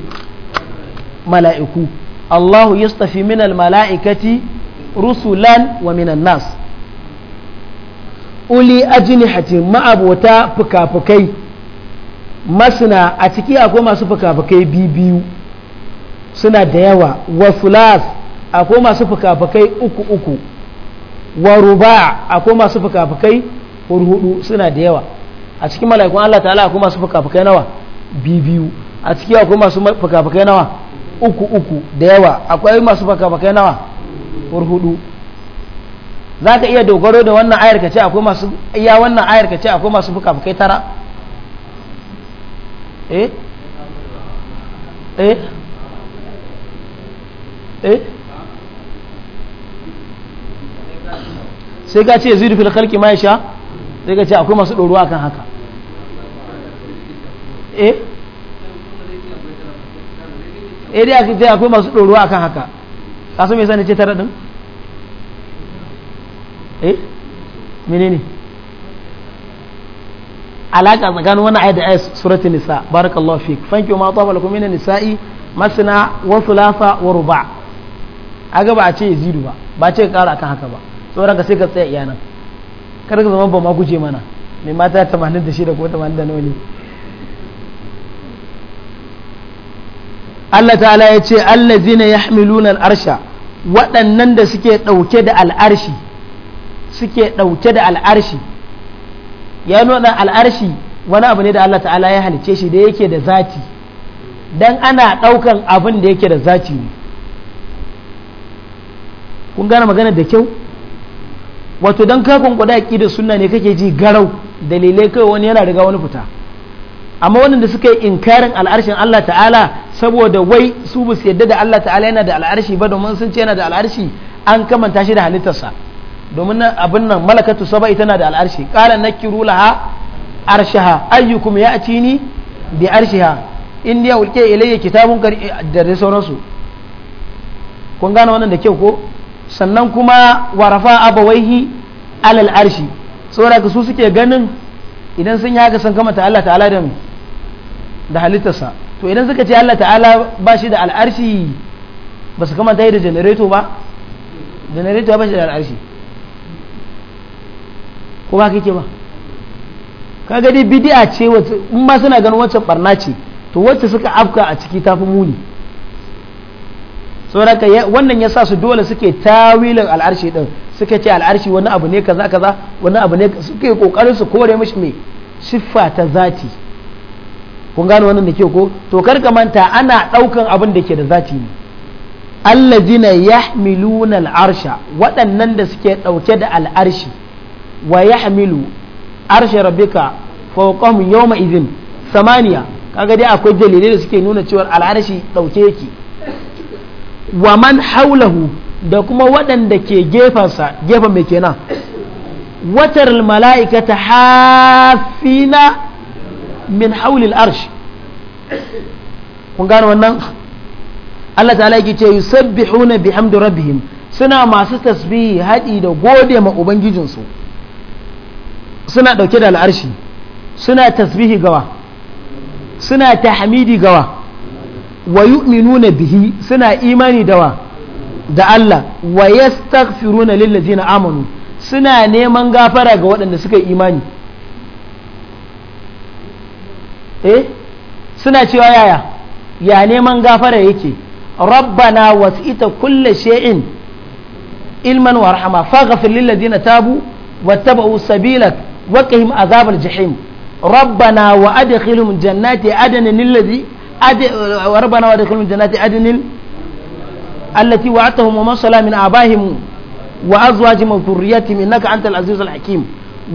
mala'iku Allahu yastafi minal mala'ikati rusulan wa minan nas uli ajnihatin ma'abota fuka-fukai masana a ciki akwai masu fuka-fukai biyu suna da yawa wa sulas akwai masu fuka-fukai uku uku wa ruba akwai masu fuka-fukai hudu suna da yawa a cikin mala'ikun Allah ta'ala akwai masu fuka-fukai nawa biyu a ciki akwai masu fuka-fukai nawa uku uku da yawa akwai masu fuka-fukai nawa hudu za ka iya dogaro da wannan ayar ka ce akwai masu iya wannan ayar ka ce akwai masu fuka-fukai tara eh eh eh sai ka ce zidu fil khalqi ma yasha sai ka ce akwai masu doruwa kan haka eh eh dai akwai ce akwai masu doruwa kan haka kasu me yasa ne ce tare din eh menene alaka tsakanin wannan ayat da ayat surati nisa barakallahu fik fanki ma tawaba lakum minan nisa'i masna wa thulatha wa ruba aga ba a ce yazidu ba ba ce ƙara akan haka ba sauran ka sai ka tsaya iyanan kar ka zama ba ma guje mana mai mata 86 ko 80 ne Allah ta'ala ya ce allazina yahmiluna al'arsha waɗannan da suke ɗauke da al'arshi suke ɗauke da al'arshi ya nuna al'arshi wani abu ne da Allah ta'ala ya halice shi da yake da zati dan ana ɗaukan abin da yake da zati ne kun gane magana da kyau wato don ka kunkuda ki da sunna ne kake ji garau dalilai kai wani yana riga wani fita amma waɗanda suka yi inkarin al'arshin Allah ta'ala saboda wai su bu su yadda da Allah ta'ala yana da al'arshi ba domin sun ce yana da al'arshi an kamanta shi da halittarsa domin nan abin nan malakatu saba ita na da al'arshi qala nakiru laha arshaha ayyukum ni bi arshiha in ya ulke ilayya kitabun da dai sauransu kun gane wannan da kyau ko sannan kuma warafa abawaihi alal arshi saboda su suke ganin idan sun yi haka sun kamata Allah ta'ala da da halittarsa to idan suka ce Allah ta'ala ba shi da al'arshi ba su kamata yi da janareto ba janareto ba shi da al'arshi ko ba kake ba kaga dai bid'a ce wata in ba suna ganin wancan barna ce to wacce suka afka a ciki tafi muni saboda wannan ya sa su dole suke tawilin al'arshi din suka ce al'arshi wani abu ne kaza kaza wani abu ne suke kokarin su kore mishi mai siffa ta zati kun gane wannan da ke ko to kar ka manta ana daukan abin da ke da zati ne allazina yahmiluna al'arsha waɗannan da suke dauke da al'arshi wa yahmilu arshe rabbika fawqahum yawma samaniya kaga dai akwai dalilai da suke nuna cewa al'arshi ɗauke yake wa man haulahu da kuma waɗanda ke gefensa gefen mai kenan watar mala'ikata hafina min haulil arsh kun gane wannan Allah ta'ala yake ce yusabbihuna bihamdi rabbihim suna masu tasbihi haɗi da gode ma ubangijinsu suna ɗauke da al'arshi suna tasbihi gawa suna tahmidi gawa wa yu'minuna bihi suna imani dawa da Allah wa yastaghfiruna lillazina amanu suna neman gafara ga waɗanda suka yi imani eh suna cewa yaya ya neman gafara yake rabbana wasita kulle shay'in ilman wa rahama faghfir lillazina tabu wattaba'u sabilaka وقهم عذاب الجحيم ربنا وأدخلهم جنات عدن الذي أد... ربنا وأدخلهم جنات عدن التي وعدتهم ومن صلى من آبائهم وأزواجهم وذرياتهم إنك أنت العزيز الحكيم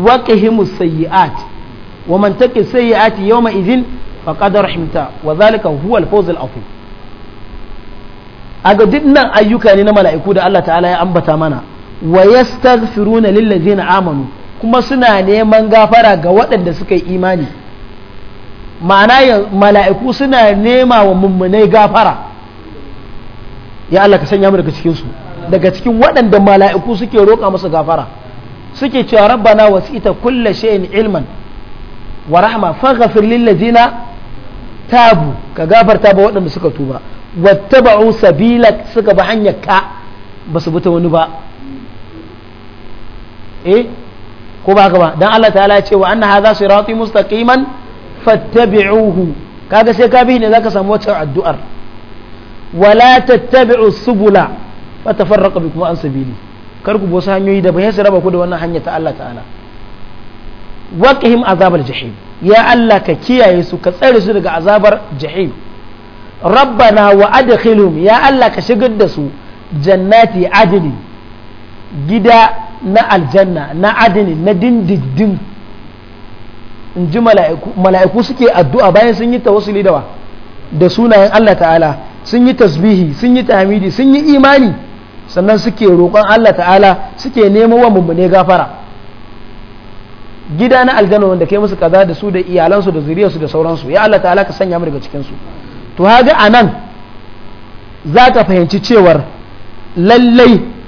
وقهم السيئات ومن تك السيئات يومئذ فقد رحمته وذلك هو الفوز العظيم aga duk nan ayyuka ne na mala'iku da Allah ta'ala ya ambata mana wa yastaghfiruna lillazina amanu kuma suna neman gafara ga waɗanda suka yi imani ma'ana mala'iku suna nema wa mummunai gafara ya Allah ka sanya mu daga cikinsu daga cikin waɗanda mala'iku suke roƙa masa gafara suke cewa rabbana wasita kulle shay'in ilman wa rahama faghfir lil ladina tabu ka gafarta ba waɗanda suka tuba ba'u sabila suka ba hanyar ka ba su wani ba eh ko ba ba dan Allah ta'ala ya ce wa anna hadha sirati mustaqiman fattabi'uhu kaga sai ka bi ne zaka samu wacce addu'ar wala tattabi'u subula fatafarraqa bikum an sabili kar ku bosa hanyoyi da bayan raba ku da wannan hanya ta Allah ta'ala waqihim azabal jahim ya Allah ka kiyaye su ka tsare su daga azabar jahim rabbana wa adkhilhum ya Allah ka shigar da su jannati adli gida na aljanna na adini na dindindin in ji mala'iku suke addu'a bayan sun yi tawassuli da Lidawa da sunayen Allah ta'ala sun yi tasbihi sun yi tahmidi sun yi imani sannan suke roƙon Allah ta'ala suke nemo wa mummune gafara gida na aljanna wanda kai musu kaza da su da iyalansu da zuriyarsu da sauransu ya Allah ta'ala ka sanya mu daga cikin su to haga anan za ka fahimci cewar lallai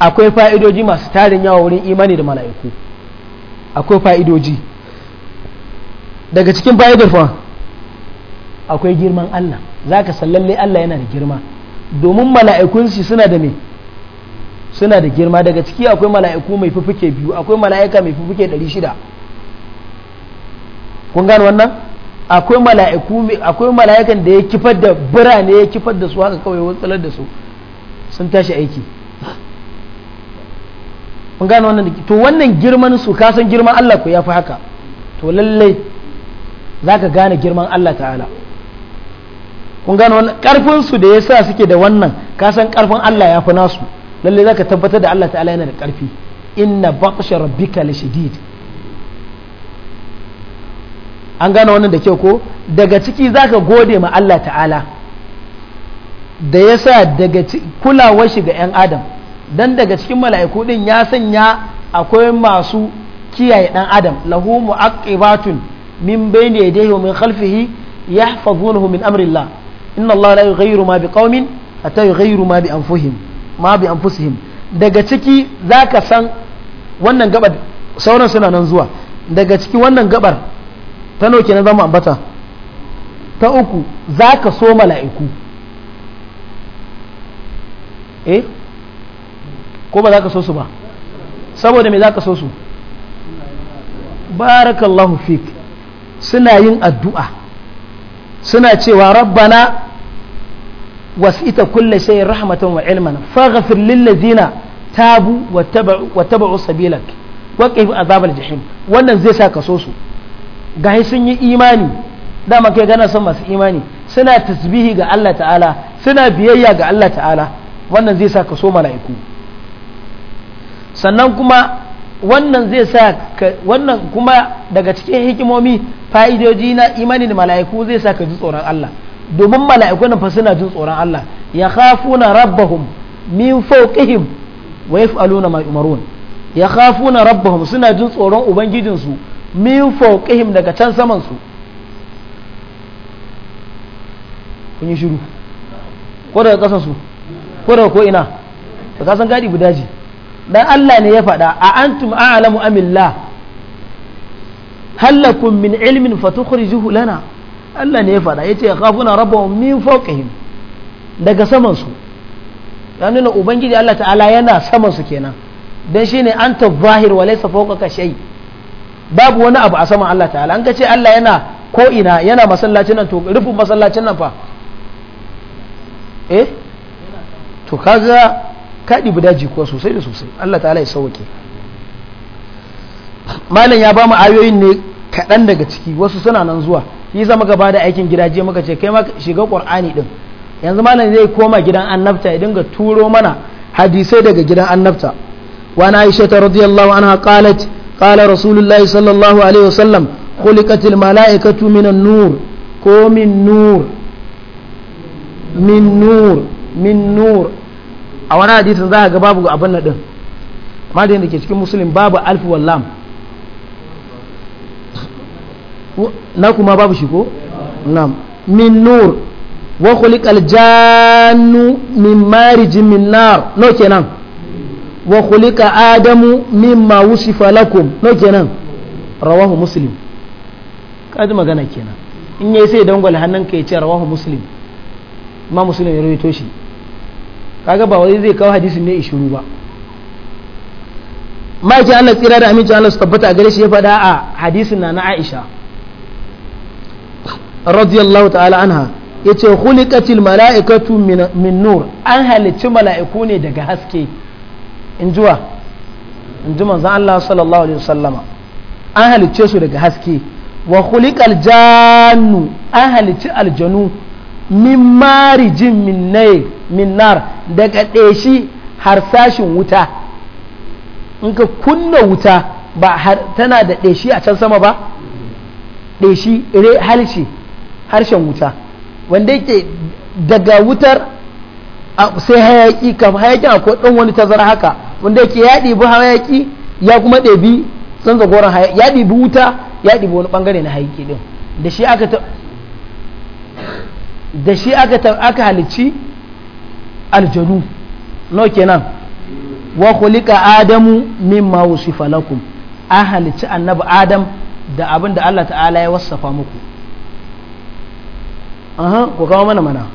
akwai fa'idoji masu tarin yawa wurin imani da mala'iku akwai fa'idoji daga cikin fa'idar fa akwai girman Allah za ka sallalle Allah yana da girma domin mala'ikunsi suna da mai suna da girma daga ciki akwai mala'iku mai fufuke biyu akwai mala'ika mai fufuke ɗari shida kun gano wannan akwai mala'iku akwai mala'ikan da ya kifar da birane ya kifar da su haka kawai tsalar da su sun tashi aiki mun gane wannan da to wannan girman su ka san girman Allah ku yafi haka to lallai zaka gane girman Allah ta'ala kun gane wannan karfin su da yasa suke da wannan ka san karfin Allah yafi nasu lallai zaka tabbatar da Allah ta'ala yana da karfi inna baqsha rabbika lashadid an gane wannan da kyau ko daga ciki zaka gode ma Allah ta'ala da yasa daga kulawar shi ga 'yan adam dan daga cikin mala'iku din ya sanya akwai masu kiyaye dan adam lahu mu'aqibatun min bayni yadayhi wa min khalfihi yahfazunahu min amrillah inna la yughayyiru ma hatta yughayyiru ma bi anfusihim ma bi anfusihim daga ciki zaka san wannan gabar sauran suna nan zuwa daga ciki wannan gabar ta nauke na zama ambata ta uku zaka so mala'iku eh ko ba za ka so su ba saboda me za ka so su barakallahu fik suna yin addu'a suna cewa rabbana wasita kulle shayin rahmatan wa ilman faghfir lil ladina tabu wa tabu sabilak wa qif azabal jahim wannan zai sa ka so su gahi sun yi imani dama kai gana son masu imani suna tasbihi ga Allah ta'ala suna biyayya ga Allah ta'ala wannan zai sa ka so mala'iku sannan kuma wannan zai sa wannan kuma daga cikin hikimomi fa'idoji na imani da mala'iku zai sa ka ji tsoron Allah domin mala'iku nan fa suna jin tsoron Allah ya khafuna rabbahum min fawqihim wa yaf'aluna ma yumarun ya khafuna rabbahum suna jin tsoron ubangijinsu min fawqihim daga can saman su kun yi shiru ko daga kasan su ko daga ko ina ka san gadi guda ji dan Allah ne ya faɗa a antum a'lamu amillah halakum min ilmin fatukhrijuhu lana Allah ne ya faɗa yace yakhafuna rabbahum min fawqihim daga saman su ya nuna ubangiji Allah ta'ala yana saman su kenan dan shine anta zahir wa laysa fawqaka shay babu wani abu a saman Allah ta'ala an ka ce Allah yana ko ina yana masallacin nan to rufin masallacin nan fa eh to kaga kaɗi bu daji kuwa sosai da sosai Allah ta'ala ya sauke malam ya ba mu ayoyin ne kaɗan daga ciki wasu suna nan zuwa yi zama gaba da aikin gidaje muka ce kai ma shiga ƙur'ani ɗin yanzu malam zai koma gidan annabta ya dinga turo mana hadisai daga gidan annabta wa na aisha ta radiyallahu anha qalat qala rasulullahi sallallahu alaihi wasallam khuliqatil malaikatu minan nur ko min nur min nur min nur a wani hadisin za a ga babu abin nan din madadin da ke cikin musulun babu alfi wallam na kuma babu shi ko naam min nur wa khuliqal jannu min marijin min nar no kenan wa ka adamu mimma wusifa lakum no kenan rawahu muslim kaji magana kenan in yayi sai dangwale hannun ka ya ce rawahu muslim ma muslim ya rawaito shi kaga ba wai zai kawo hadisin ne ishuru ba ma'aikin Allah tsira da aminci Allah su tabbata a gare shi ya faɗa a hadisin na na Aisha radiyallahu ta'ala anha yace khuliqatil mala'ikatu min nur an halicci mala'iku ne daga haske in jiwa in ji manzon Allah sallallahu alaihi wasallama an halicce su daga haske wa khuliqal jannu an halicci aljanu min marijin min naye min nar daga ɗeshi harsashin wuta in ka kunna wuta ba har tana da ɗeshi a can sama ba ɗeshi re halshe harshen wuta wanda yake daga wutar sai hayaki kam a akwai ɗan wani tazara haka wanda yake ya ɗibi hayaki ya kuma ɗebi tsanza goron hayaki ya ɗibi wuta ya ɗibi wani ɓangare na hayaki ɗin da shi aka da shi aka halicci aljanu no kenan wa khuliqa adamu mimma wusifa lakum an halicci annabi adam da abin da Allah ta'ala ya wasafa muku aha ku kawo mana mana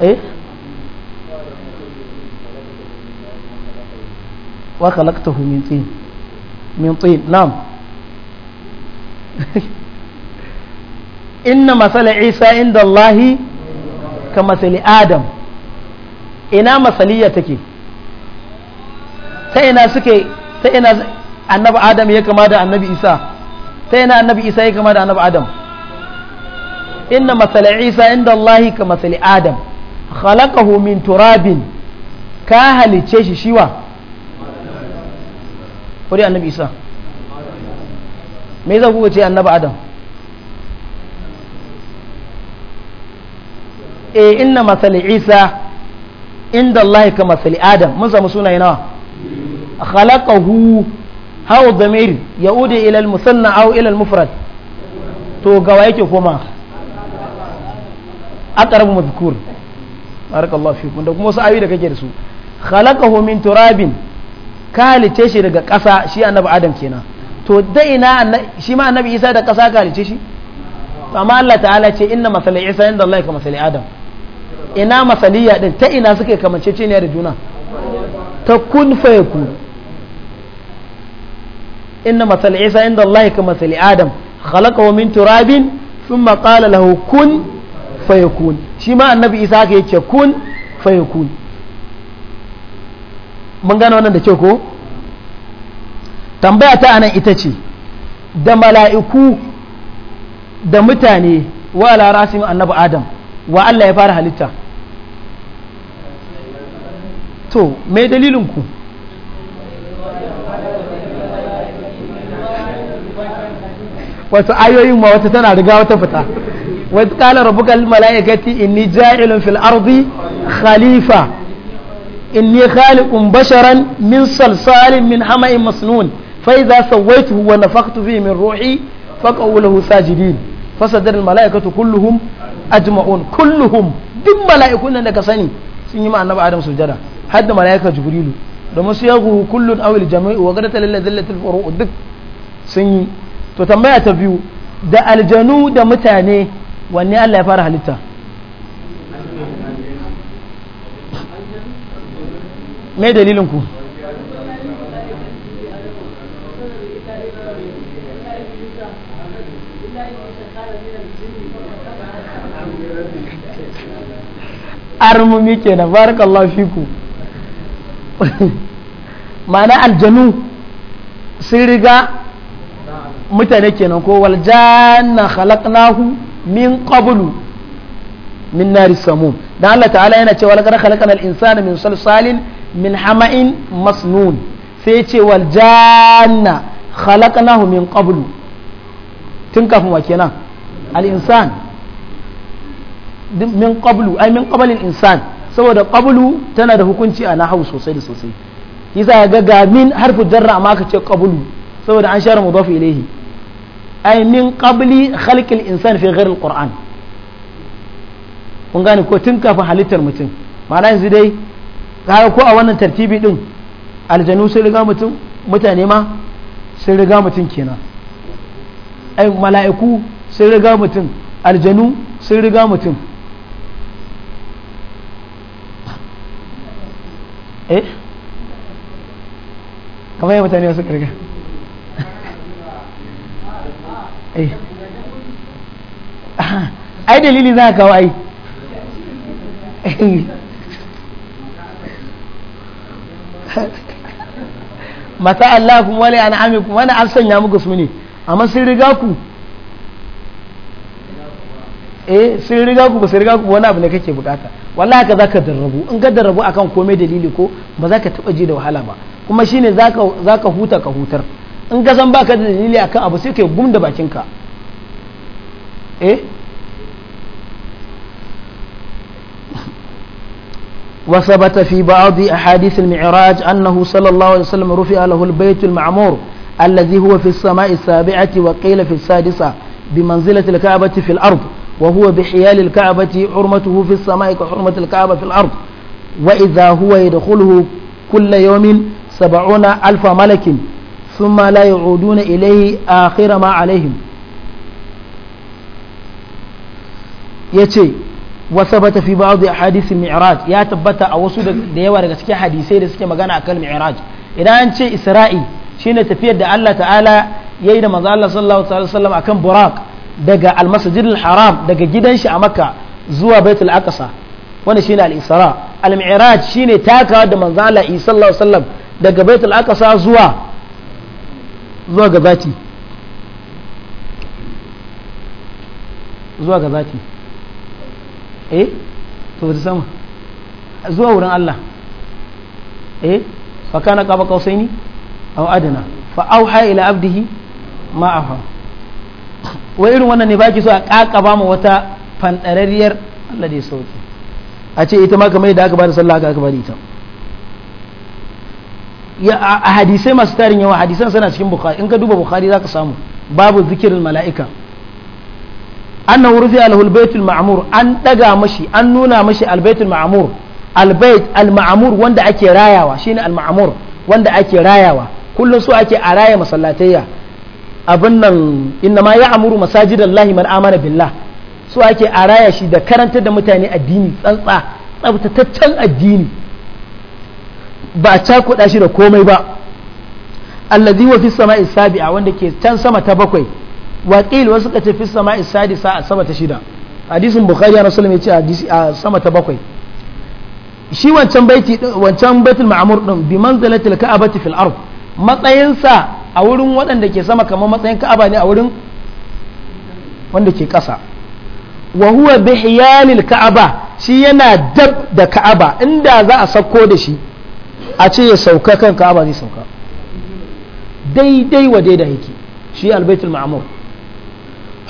eh wa khalaqtahu min tin min tin na'am inna masala isa inda Allahi ka masali adam ina masaliya take ta ina suke ta ina annabi adam ya kama da annabi isa ta ina annabi isa ya kama da annabi adam inna masala isa inda Allahi ka masali adam khalaqahu min turabin ka halice shi shiwa kuri annabi isa me za ku ce annabi adam e inna masali isa inda Allah ka masali adam mun samu sunaye nawa khalaqahu haw damir ya ila ilal musanna aw ila mufrad to gawa yake koma aqrabu madhkur barakallahu fi da kuma wasu ayoyi da kake da su khalaqahu min turabin kalice shi daga ƙasa shi annabi adam kenan to da ina shi ma annabi isa da ƙasa kalice shi amma Allah ta'ala ce inna masali isa inda Allah ka masali adam ina masaliya din ta ina suke kamanceceniya da juna ta kun fa yakun inna masali isa inda Allah ka masali adam khalaqahu min turabin thumma qala lahu kun fayakun shi ma annabi isa ka yake kun fayakun mun gane wannan da ke ko tambaya ta anan ita ce da mala'iku da mutane wa ala rasim annabi adam wa Allah ya fara halitta to me dalilin ku wasu ayoyin ma wata tana riga wata fita wasu kala rabuka mala'ikati inni ja'ilun fil ardi khalifa inni khaliqun basharan min salsalin min hama'in masnun fa idza sawaituhu wa nafakhtu fihi min ruhi faqaw lahu sajidin fasadar mala'ikatu kulluhum ajma'un kulluhum duk mala'ikun nan da ka sani sun yi ma annabi adam sujada har da mala'ika jibrilu da su yagu kullun awil jami'u wa gadata lillahi dhillatul furu'u duk sun yi to tambaya ta biyu da aljanu da mutane wanne Allah ya fara halitta me dalilin ku armumi kenan barakallahu fiku ma'ana aljanu sun riga mutane kenan ko wal janna khalaqnahu min qablu min nari samu dan Allah ta'ala yana cewa laqad khalaqnal insana min salsalin min hama'in masnun sai ce wal janna khalaqnahu min qablu tun kafin wa kenan al min qablu min qablin insan saboda qablu tana da hukunci a nahawu sosai da sosai yasa ga ga min harfu jarra amma ka ce qablu saboda an share mudaf ilayhi ai min qabli khalqil insan fi ghairi alquran kun gane ko tun kafin halittar mutum ma'ana yanzu dai kaga ko a wannan tartibi din aljanu sun riga mutum mutane ma sun riga mutum kenan ai mala'iku sun riga mutum aljanu sun riga mutum kamar yadda mutane su karga ai dalili za a kawo ai mata Allah kuma wale an ami kuma wani an sanya muku su ne amma sun riga ku eh sun riga ku ba riga ku wani abu ne kake bukata wallahi haka zaka darrabu in ka darrabu akan komai dalili ko ba za ka taba ji da wahala ba kuma shine zaka zaka huta ka hutar in ka san baka da dalili akan abu sai kai gum da bakinka eh وثبت في بعض أحاديث المعراج أنه صلى الله عليه وسلم رفع له البيت المعمور الذي هو في السماء السابعة وقيل في السادسة بمنزلة الكعبة في الأرض وهو بحيال الكعبة حرمته في السماء كحرمة الكعبة في الأرض وإذا هو يدخله كل يوم سبعون ألف ملك ثم لا يعودون إليه آخر ما عليهم يتي وثبت في بعض أحاديث المعراج يا تبتا أو سودة ديوة رغسكي حديثي رسكي مغانا أكل معراج إذا أنت إسرائي شين تفيد الله تعالى يجد مزال الله صلى الله عليه وسلم أكم براك daga almasajidul haram daga gidan shi a makka zuwa baitul aqsa wani shine al-isra al-mi'raj shine takawa da manzo Allah isa sallallahu alaihi wasallam daga baitul aqsa zuwa zuwa ga zati zuwa ga zati eh to sama zuwa wurin Allah eh fa kana qaba qausaini aw adana fa ila abdihi ma wai irin wannan ne baki ki so a kakaba mu wata fandarariyar Allah da sauki a ce ita ma kamar yadda aka bada sallah aka bada ita ya a hadisai masu tarin yawa hadisan suna cikin bukhari in ka duba bukhari zaka samu babu zikirin mala'ika annahu rufi alhul baitul ma'mur an ɗaga mashi an nuna mashi albaitul ma'mur albayt al-ma'mur wanda ake rayawa shine al-ma'mur wanda ake rayawa kullum so ake a raya masallatayya abin nan inna ma ya amuru masajidallahi man amana billah so ake a raya shi da karantar da mutane addini tsantsa tsabtataccen addini ba a cakuɗa shi da komai ba allazi wa fi sama'i sabi'a wanda ke can sama ta bakwai waƙil wasu ka ce fi sama'i sadisa a sama ta shida hadisin bukhari ya rasul mai ce a sama ta bakwai shi wancan baiti wancan baitul ma'mur din bi manzilatil ka'abati fil ard matsayinsa a wurin waɗanda ke sama kamar matsayin ka'aba ne a wurin wanda ke ƙasa wa huwa bihyalil ka'aba shi yana dab da ka'aba inda za a sauko da shi a ce ya sauka kan ka'aba zai sauka daidai wa daidai yake shi albaitul ma'mur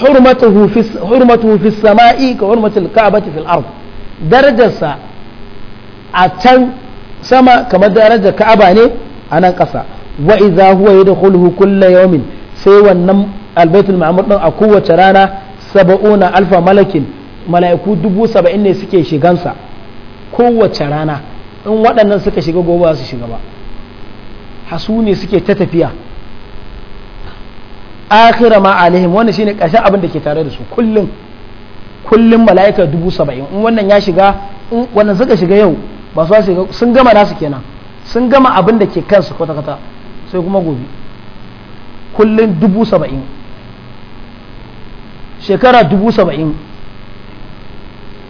hurmatuhu fi hurmatuhu fi sama'i ka hurmatul ka'bati fil ard darajarsa a can sama kamar darajar ka'aba ne a nan ƙasa wa idza huwa yadkhuluhu kull yawmin sai wannan albaitul ma'mur din a kowace rana saba'una alfa malakin mala'iku dubu saba'in ne suke shigansa kowace rana in waɗannan suka shiga gobe ba su shiga ba hasu ne suke ta tafiya akhira ma alaihim wannan shine ƙarshen abin da ke tare da su kullum kullum mala'ika dubu saba'in in wannan ya shiga wannan suka shiga yau ba su shiga sun gama nasu kenan sun gama abin da ke kansu kwata-kwata sai kuma gobe kullum dubu saba'in shekara dubu saba'in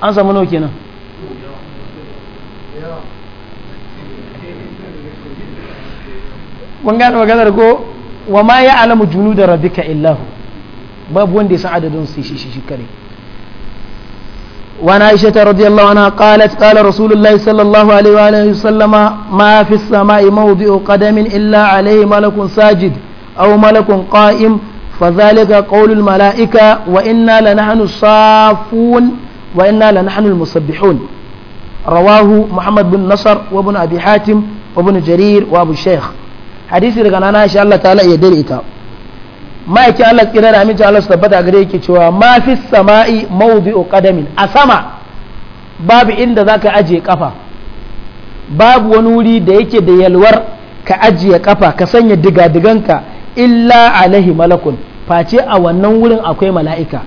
an samu nau kenan kun gane maganar ko wa ma ya alamu junu da rabika illahu babu wanda ya san adadin su shi shi kare وعن عائشة رضي الله عنها قالت قال رسول الله صلى الله عليه وآله وسلم ما في السماء موضع قدم إلا عليه ملك ساجد أو ملك قائم فذلك قول الملائكة وإنا لنحن الصافون وإنا لنحن المسبحون رواه محمد بن نصر وابن أبي حاتم وابن جرير وابو الشيخ حديث رغنانا إن شاء الله تعالى يدري إتاب ma'aikin Allah tsira da aminci Allah su tabbata gare yake cewa ma fi sama'i mawdi'u qadamin a sama babu inda zaka ajiye kafa babu wani wuri da yake da yalwar ka ajiye kafa ka sanya digadiganka illa alaihi malakun face a wannan wurin akwai mala'ika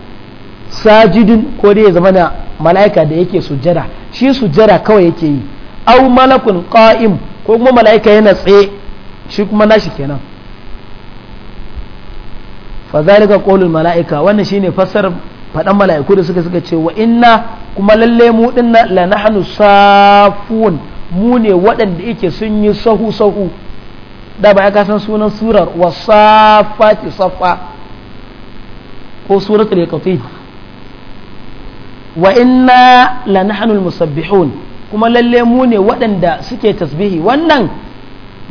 sajidun ko dai ya zama na mala'ika da yake sujjada shi sujjada kawai yake yi au malakun qa'im ko kuma mala'ika yana tsaye shi kuma nashi kenan fa zalika qawlul malaika wannan shine fassar fadan malaiku da suka suka ce wa inna kuma lalle mu dinna la nahnu safun mu ne waɗanda yake sun yi sahu sahu da ba ka san sunan surar wasafati safa ko suratul yaqtin wa inna la nahnu musabbihun kuma lalle mu ne waɗanda suke tasbihi wannan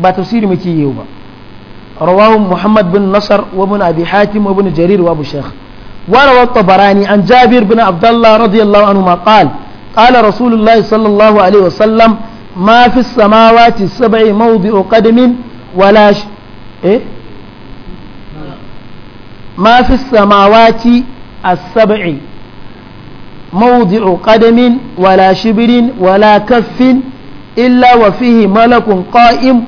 ba tafsiri muke yi ba رواه محمد بن نصر وابن أبي حاتم وابن جرير وابو شيخ وروى الطبراني عن جابر بن عبد الله رضي الله عنهما قال قال رسول الله صلى الله عليه وسلم ما في السماوات السبع موضع قدم ولا ش... إيه؟ ما في السماوات السبع موضع قدم ولا شبر ولا كف إلا وفيه ملك قائم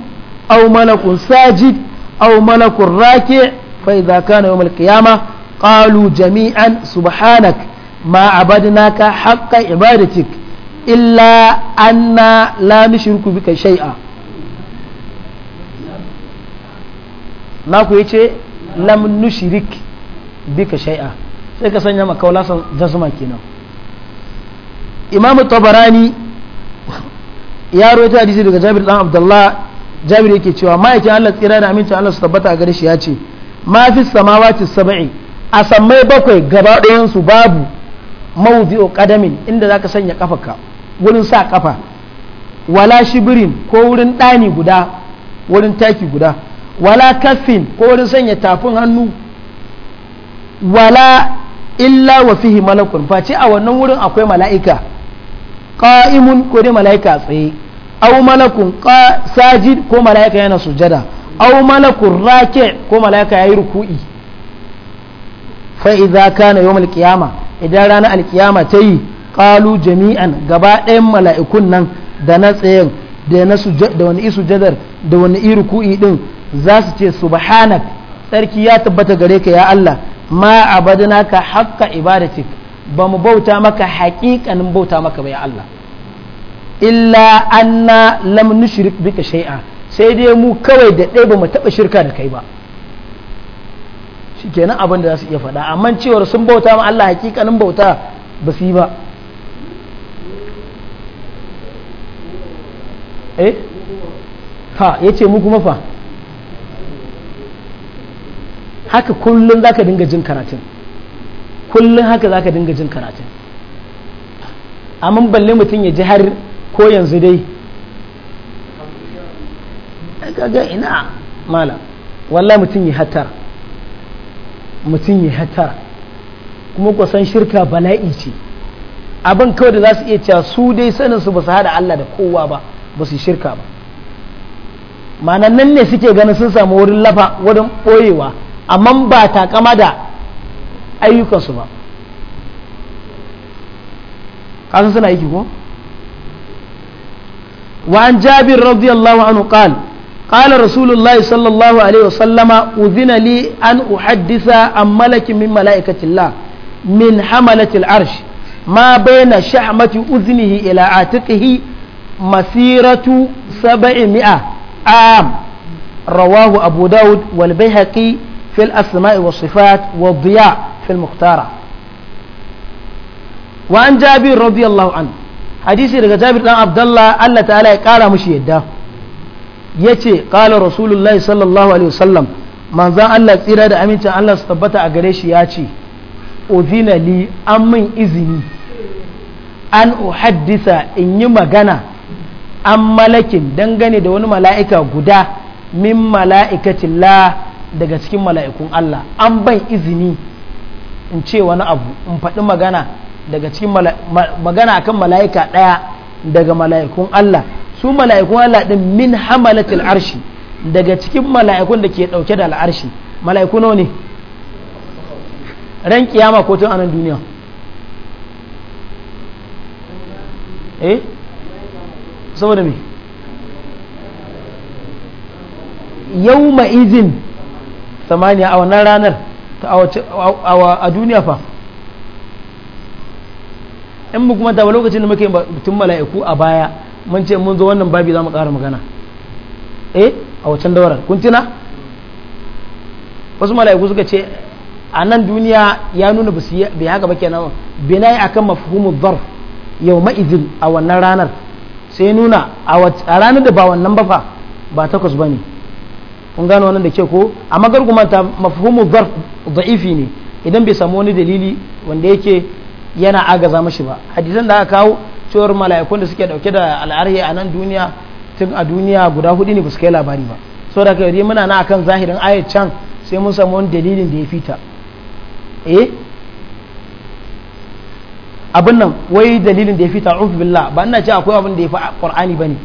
أو ملك ساجد aw malakun raki fa idza kana yawm al-qiyamah qalu jami'an subhanak ma abadnaka haqqa ibadatik illa anna la nushriku bika shay'a na ku yace lam nushrik bika shay'a sai ka sanya san jazma kenan imam tabarani ya rawaita hadisi daga Jabir dan Abdullah jabiri yake cewa ma'aikin Allah tsira da amincin Allah su tabbata a gare shi ya ce ma fi samawati sab'i a sammai bakwai gaba ɗayan su babu mawdi'u qadamin inda zaka sanya kafarka wurin sa kafa wala shibirin ko wurin ɗani guda wurin taki guda wala kafin ko wurin sanya tafin hannu wala illa wa fihi malakun face a wannan wurin akwai mala'ika qa'imun ko dai mala'ika tsaye au malakun sajid ko malaika yana sujada au malakun rake ko malaika yayi ruku'i fa idza kana yawm kiyama idan ranar alkiyama ta yi ƙalu jami'an gaba ɗayan mala'ikun nan da na tsayin da na da wani jadar da wani iruku'i din za su ce subhanak tsarki ya tabbata gare ka ya Allah ma a naka haƙƙa ibadatik ba mu bauta maka haƙiƙanin bauta maka ba ya Allah illa anna lam nushrik bika shay'a sai dai mu kawai da ɗaya ba mu taɓa shirka da kai ba shikenan abin da za su iya faɗa amma cewar sun bauta ma Allah hakikanin bauta ba su yi ba eh ha yace mu kuma fa haka kullum za ka dinga jin karatun kullum haka za ka dinga jin karatun amma balle mutum ya ji har ko yanzu dai ga ina mala wallahi mutum yi hatar mutum yi hatar kuma kusan shirka bala'i ce abin kawai da za su iya cewa su dai sanin su ba su hada Allah da kowa ba ba su shirka ba ma'ana nan ne suke ganin sun samu wurin lafa wurin boyewa amma ba takama da ayyukansu ba kasan suna aiki ko? وعن جابر رضي الله عنه قال قال رسول الله صلى الله عليه وسلم أذن لي أن أحدث عن ملك من ملائكة الله من حملة العرش ما بين شحمة أذنه إلى عاتقه مسيرة سبعمائة عام رواه أبو داود والبيهقي في الأسماء والصفات والضياء في المختارة وعن جابر رضي الله عنه hadisi daga jabir dan abdullah Allah ta'ala ya kara mushi yadda yace qala rasulullahi sallallahu alaihi wasallam manzon Allah tsira da amincin Allah su tabbata a gare shi yace ce udhina li an min izini an uhaddisa in yi magana an malakin dangane da wani mala'ika guda min mala'ikacin la daga cikin mala'ikun Allah an ban izini in ce wani abu in faɗi magana daga cikin magana akan mala'ika ɗaya daga mala'ikun Allah su mala'ikun Allah din min hamalatil arshi daga cikin mala'ikun da ke ɗauke da al'arshi mala'iku nawa ne ran kiyama ko tun anan duniya eh saboda me yawma izin samaniya a wannan ranar a duniya fa in mu kuma ta lokacin da muke batun mala'iku a baya mun ce mun zo wannan babi za mu ƙara magana eh a wancan dauran kun tuna wasu mala'iku suka ce a nan duniya ya nuna bai haka ba kenan binai akan mafhumud dhar yawma idil a wannan ranar sai nuna a ranar da ba wannan ba fa ba takwas bane kun gano wannan da ke ko amma gargumanta mafhumud dhar da'ifi ne idan bai samu wani dalili wanda yake yana agaza mashi ba hadisan da aka kawo cewar mala'ikun da suke dauke da al'arhi a nan duniya tun a duniya guda hudu ne ba su kai labari ba da kai dai muna na akan zahirin ayat can sai mun samu wani dalilin da ya fita eh abin nan wai dalilin da ya fita a'udhu billah ba ina ce akwai abin da ya fi qur'ani bane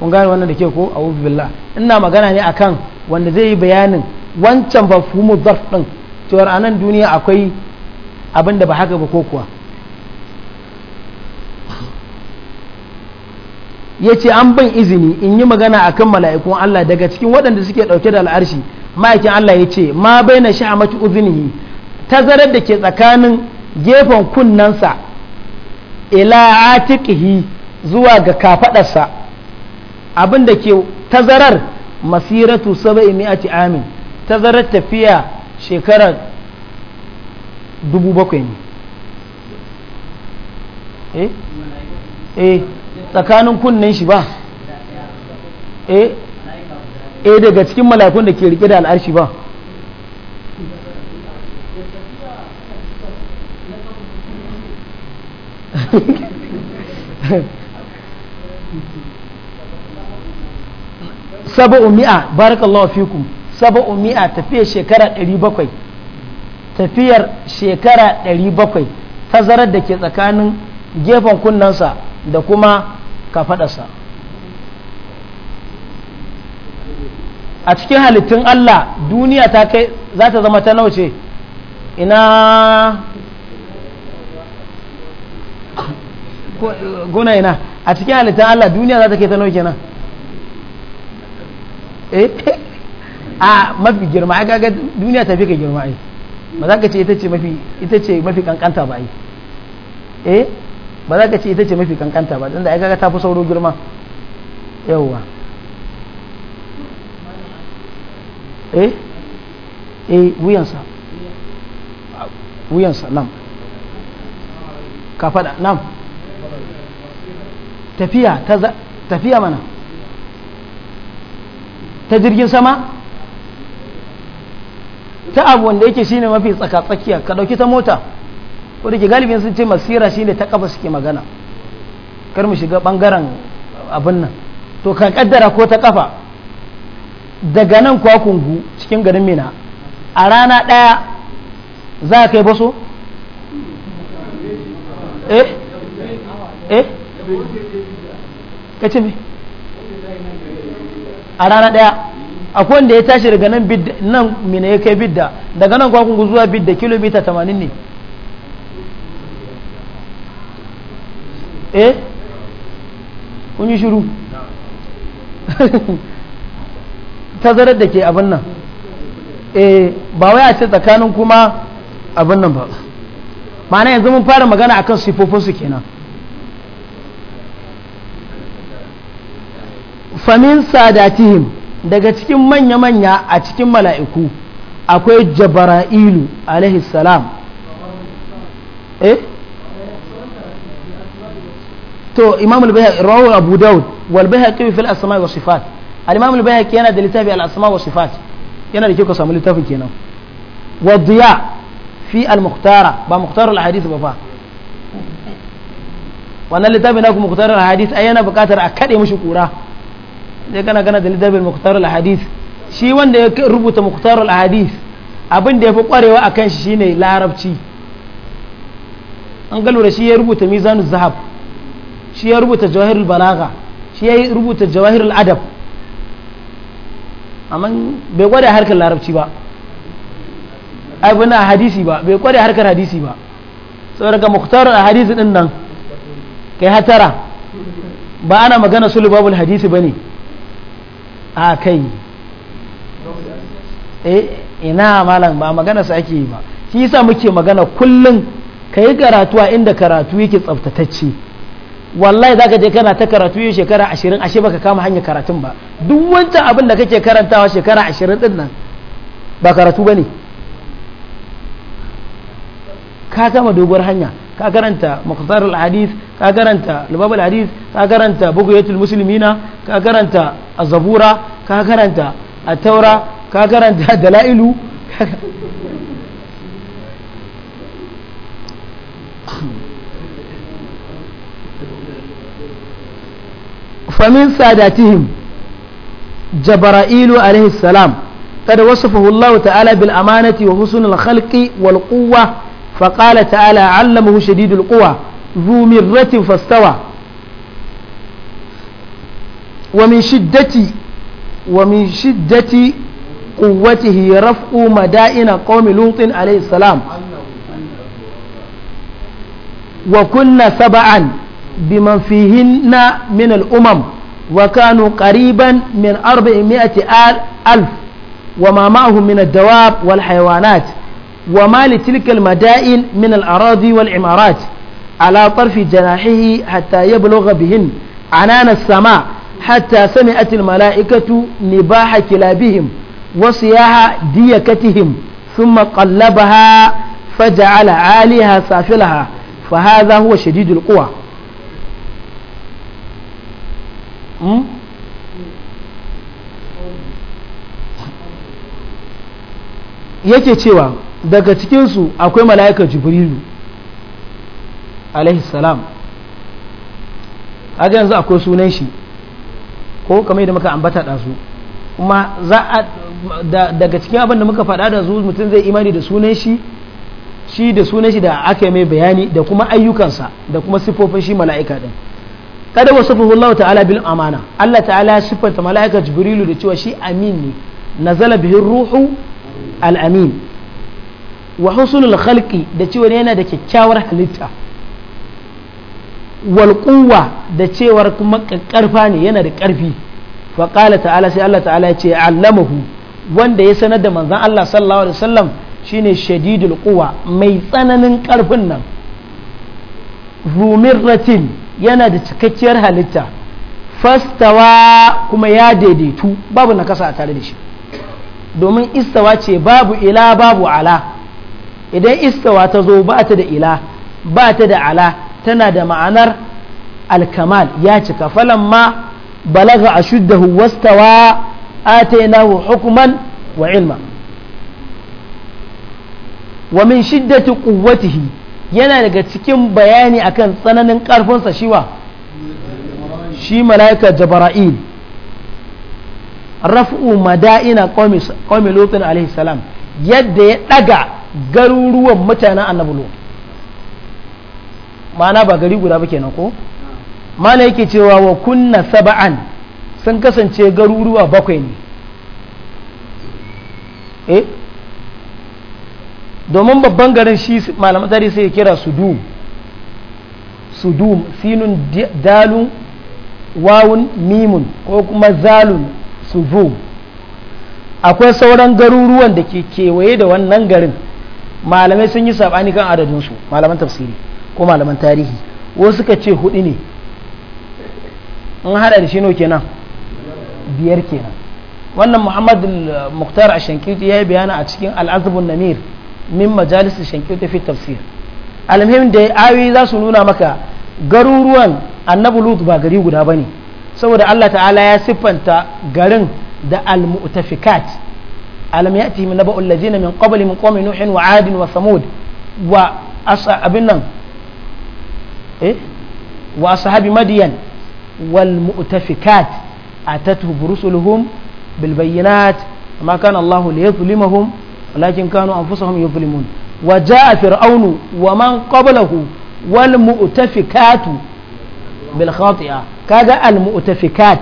kun gane wannan da ke ko a'udhu billah ina magana ne akan wanda zai yi bayanin wancan ba fumu zarf din cewar nan duniya akwai abinda ba haka ba ko kuwa ya ce an bin izini in yi magana a kan mala'ikun Allah daga cikin waɗanda suke ɗauke da al'arshi ma'aikin Allah ya ce ma bai na sha sha'amati uzinihi tazarar da ke tsakanin gefen kunnensa ila atiqihi zuwa ga kafaɗarsa abinda da ke tazarar masiratu saba'i mi'ati amin tazarar tafiya shekarar dubu bakwai ne eh? eh tsakanin kunnen shi ba eh, eh daga cikin malakun da ke rike da al'arshi ba saba'u mi'a barakallahu fikum saba'u mi'a tafiya shekara 700 tafiyar shekara 700 tazarar da ke tsakanin gefen kunnensa da kuma kafadarsa a cikin halittun Allah duniya ta kai za ta zama ta nauce ina guna ina a cikin halittun Allah duniya za ta kai ta nauce na eh a mafi girma ya ga duniya ta fi ka girma ai ba za ka ce ita ce mafi ita ce mafi kankanta ba yi eh ba za ka ce ita ce mafi kankanta ba dan da ai kaga ta fi sauro girma yawwa eh eh wuyansa wuyansa nam ka fada nam tafiya ta tafiya mana ta jirgin sama ta abu wanda yake shine mafi tsaka tsakiya ka dauki ta mota ko da galibin sun ce masira shine ta kafa suke magana kar mu shiga bangaren abin nan to ka kaddara ko ta kafa daga nan kwakungu cikin garin mina a rana ɗaya za a kai baso? eh eh kace me a rana daya akwai wanda ya tashi daga nan bidda nan mina ya kai bidda daga nan kwakungu zuwa bidda kilomita 80 ne eh kun yi shiru tazarar da ke abin nan eh ba wai a ce tsakanin kuma abin nan ba ma'ana yanzu mun fara magana akan sifofinsu kenan famin sadatihim daga cikin manya-manya a cikin mala'iku akwai jabara'ilu alaihi salam eh to imam al-bayhaqi rawu abu daud wal bayhaqi fil asma wa sifat al-imam al-bayhaqi yana da littafi al-asma wa sifat yana da kika samu littafin kenan wa diya fi al-mukhtara ba mukhtar al-hadith ba fa wannan littafin na ku mukhtar al-hadith ai yana buƙatar a kade mishi kura sai kana gana da littafin muktarul hadis shi wanda ya rubuta muktarul hadis abin da ya fi kwarewa a kan shi shine larabci an galura shi ya rubuta mizanu zahab shi ya rubuta jawahirul balaga shi ya rubuta jawahirul adab amma bai gwada harkar larabci ba abin hadisi ba bai kware harkar hadisi ba saboda ga muktarar a hadisi din nan kai hatara ba ana magana sulubabul hadisi ba ne a kai eh, ina malam ba magana su ake yi ba shi yasa muke magana kullum ka yi karatu a inda karatu yake tsaftatacce wallahi zaka je kana ta karatu yau shekara ashirin ashe baka kama hanyar karatun ba duk wancan abin da kake karantawa shekara ashirin din nan ba karatu ba ne ka kama doguwar hanya كاكرانتا مختار الحديث كاكرانتا لباب الحديث كاكرانتا بقية المسلمين كاكرانتا الزبورة كاكرانتا التورة كاكرانتا دلائل فمن ساداتهم جبرائيل عليه السلام قد وصفه الله تعالى بالأمانة وحسن الخلق والقوة فقال تعالى علمه شديد القوى ذو مرة فاستوى ومن شدة ومن شدة قوته رفع مدائن قوم لوط عليه السلام وكنا سبعا بمن فيهن من الأمم وكانوا قريبا من أربعمائة ألف وما معهم من الدواب والحيوانات وما لتلك المدائن من الأراضي والعمارات على طرف جناحه حتى يبلغ بهن عنان السماء حتى سمعت الملائكة نباح كلابهم وصياح ديكتهم ثم قلبها فجعل عاليها سافلها فهذا هو شديد القوى yake cewa daga cikinsu akwai mala'ika jibrilu alaihi salam haka yanzu akwai sunan shi ko kamar yadda muka ambata su kuma za a daga cikin abin da muka faɗa da zuwa mutum zai imani da sunan shi shi da sunan shi da aka mai bayani da kuma ayyukansa da kuma siffofin shi mala'ika din kada wasu Allah ta'ala bil amana Allah ta'ala ya siffanta mala'ika jibrilu da cewa shi amin ne nazala bihi ruhu al-amin wa husnul khalqi da cewa yana da kyakkyawar halitta wal quwwa da cewar kuma karfa ne yana da karfi fa qala ta'ala sai Allah ta'ala ya ce allamahu wanda ya sanar da manzon Allah sallallahu alaihi wasallam shine shadidul quwa mai tsananin karfin nan rumirratin yana da cikakkiyar halitta fastawa kuma ya daidaitu babu na kasa a tare da shi domin istawa ce babu ila babu ala idan istawa ta zo ba ta da ila ba ta da ala tana da ma'anar alkamal ya cika falamma balaga ashuddahu wastawa atainahu hukuman wa ilma wa min shiddati quwwatihi yana daga cikin bayani akan tsananin karfinsa shiwa shi mala'ika jabrail raf'u mada'ina qawmi lutin alaihi salam yadda ya daga garuruwan mutanen annabi lut ma'ana ba gari guda ba kenan ko mana yake cewa wa kunna saba'an sun kasance garuruwa bakwai ne eh domin babban garin shi malaman tarihi sai kira sudum sudum sinun dalun wawun mimun ko kuma zalun sudum akwai sauran garuruwan da ke kewaye da wannan garin malamai sun yi sabani kan adadinsu malaman tafsiri ko malaman tarihi wasu suka ce hudu ne in hada da shi kenan biyar kenan wannan muhammad muktar a shankiti ya yi bayana a cikin al'azabun namir min majalis shankiti fi tafsir alhim da ayoyi za su nuna maka garuruwan annabi lut ba gari guda ba ne saboda allah ta'ala ya siffanta garin da al-mu'tafikat ألم يأتي من نبأ الذين من قبل من قوم نوح وعاد وثمود وأصحاب إيه وأصحاب مدين والمؤتفكات أتتهم رسلهم بالبينات ما كان الله ليظلمهم ولكن كانوا أنفسهم يظلمون وجاء فرعون ومن قبله والمؤتفكات بالخاطئة كذا المؤتفكات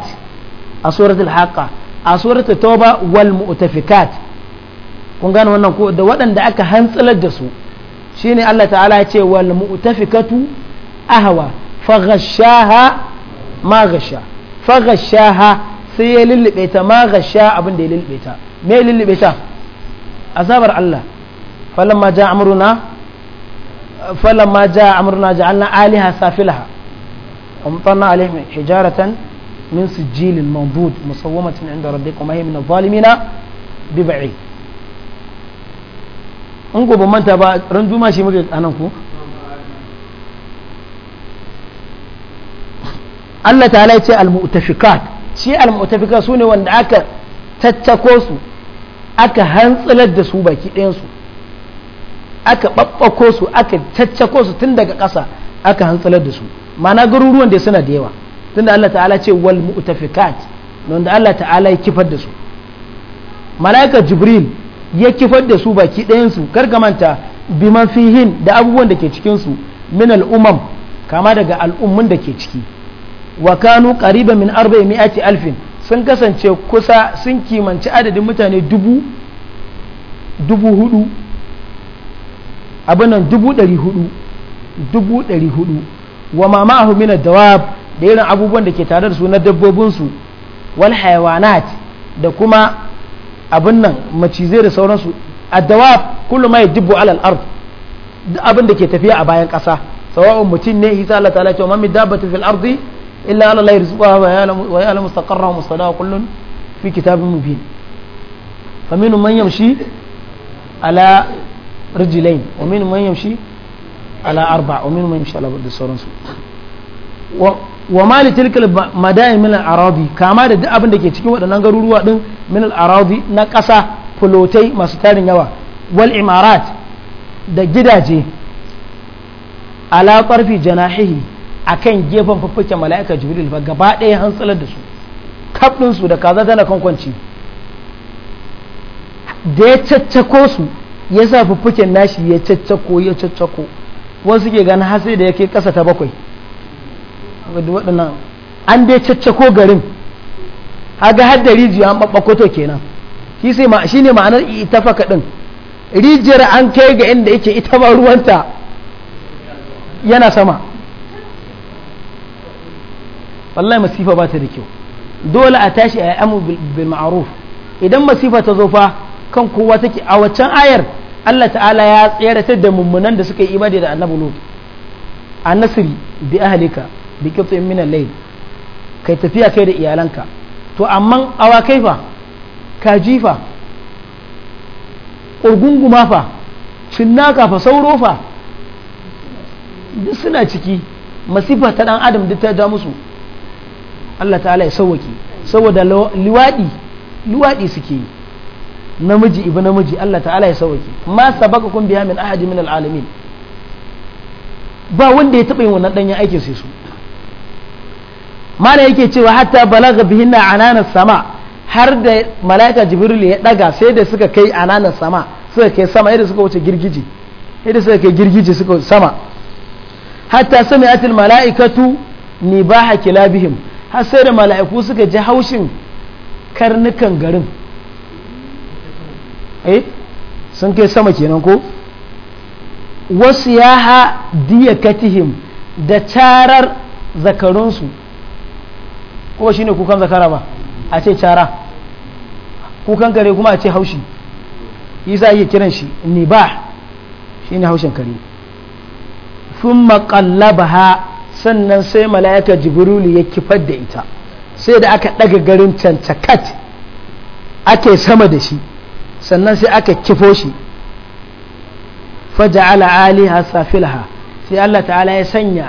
سورة الحاقة a surata tauba wal mu'tafikat kun gane wannan ko da waɗanda aka hantsalar da su shine Allah ta'ala ya ce wal mu'tafikatu ahwa faghashaha ma gasha faghashaha sai ya lullube ta ma gasha abin da ya lullube ta me ya lullube ta azabar Allah falamma ja amruna falamma ja amruna ja'alna aliha safilaha amtanna alaihim hijaratan min sijilin mandud musawwamatin inda rabbika ma hiya min adh-dhalimina bi ba'id in gobe manta ba ran shi muke anan Allah ta'ala ya ce al-mu'tafikat shi al-mu'tafika sune wanda aka tattako aka hantsalar da su baki ɗayan su aka babbako aka tattako tun daga ƙasa aka hantsalar da su ma'ana garuruwan da suna da yawa tunda Allah ta'ala ce wal mu'tafikat wanda Allah ta'ala ya kifar da su mala'ika jibril ya kifar da su baki ɗayan su karka manta biman fihin da abubuwan da ke cikin su min umam kama daga al'ummun da ke ciki wa kanu qariba min arba'ati alfin sun kasance kusa sun kimanci adadin mutane dubu dubu hudu abinan dubu dari hudu dubu dari hudu wa mamahu ma'ahu dawab da irin abubuwan da ke tare da su na dabbobinsu wal hayawanat da kuma abin nan macizai da sauransu addawa kullum ma yadibbu alal ard duk abin da ke tafiya a bayan ƙasa sawa'un mutum ne hisa Allah ta'ala cewa mamin dabbatu fil ardi illa ala la yarzuqa wa ya'lamu mustaqarra wa mustaqawa kullun fi kitabin mubin faminhum man yamshi ala rijlain wa minhum man yamshi ala arba' wa minhum man yamshi ala da sauransu wa mali tilkal madain min arabi kama da duk abin da ke cikin waɗannan garuruwa din min al-arabi na ƙasa fulotai masu tarin yawa wal imarat da gidaje ala qarfi janahihi kan gefen fuffuke mala'ika jibril ba gaba ɗaya hantsalar da su kaf su da kaza tana kankwanci da ya caccako su ya sa fuffuken nashi ya caccako ya caccako wasu ke ganin har sai da yake ƙasa ta bakwai waɗannan an dai caccako garin a ga hadda rijiya an ɓaɓɓakoto kenan shi sai ma shine ma'anar faka ɗin rijiyar an kai ga inda yake ita ba ruwanta yana sama wallahi masifa ba ta da kyau dole a tashi a amu bil ma'ruf idan masifa ta zo fa kan kowa take a waccan ayar Allah ta'ala ya tsere da mummunan da suka yi imani da annabi Lut a nasiri bi ahlika bi tsohon minan lai kai tafiya kai da iyalanka to amma kai fa ji fa ƙurgunguma fa cinnaka fa sauro fa duk suna ciki masifa ta ɗan adam duk ta ja musu Allah ta'ala ya sauwaki saboda liwaɗi liwaɗi suke yi namiji ibi namiji Allah ta'ala ya sauwaki ma sabaka kun biya min ahadi min al'alamin ba wanda ya taɓa yin wannan ɗanyen aikin sai su mana yake cewa hatta balaga bihinna ananas sama har da malaika jibril ya daga sai da suka kai ananas sama suka kai sama yadda suka wuce girgiji yadda suka kai girgiji suka sama hatta sami'atul mala'ikatu nibaha kilabihim har sai da mala'iku suka ji haushin karnukan garin eh sun kai sama kenan ko wasu yaha diyakatihim da carar zakarunsu kuma shine kukan zakara ba a ce cara kukan kare kuma a ce haushi yasa yi kiran shi shi shine haushin kare thumma ha sannan sai mala'ika jibrilu ya kifar da ita sai da aka daga garin cancakat ake sama da shi sannan sai aka kifo shi ala aliha safilaha sai Allah ta'ala ya sanya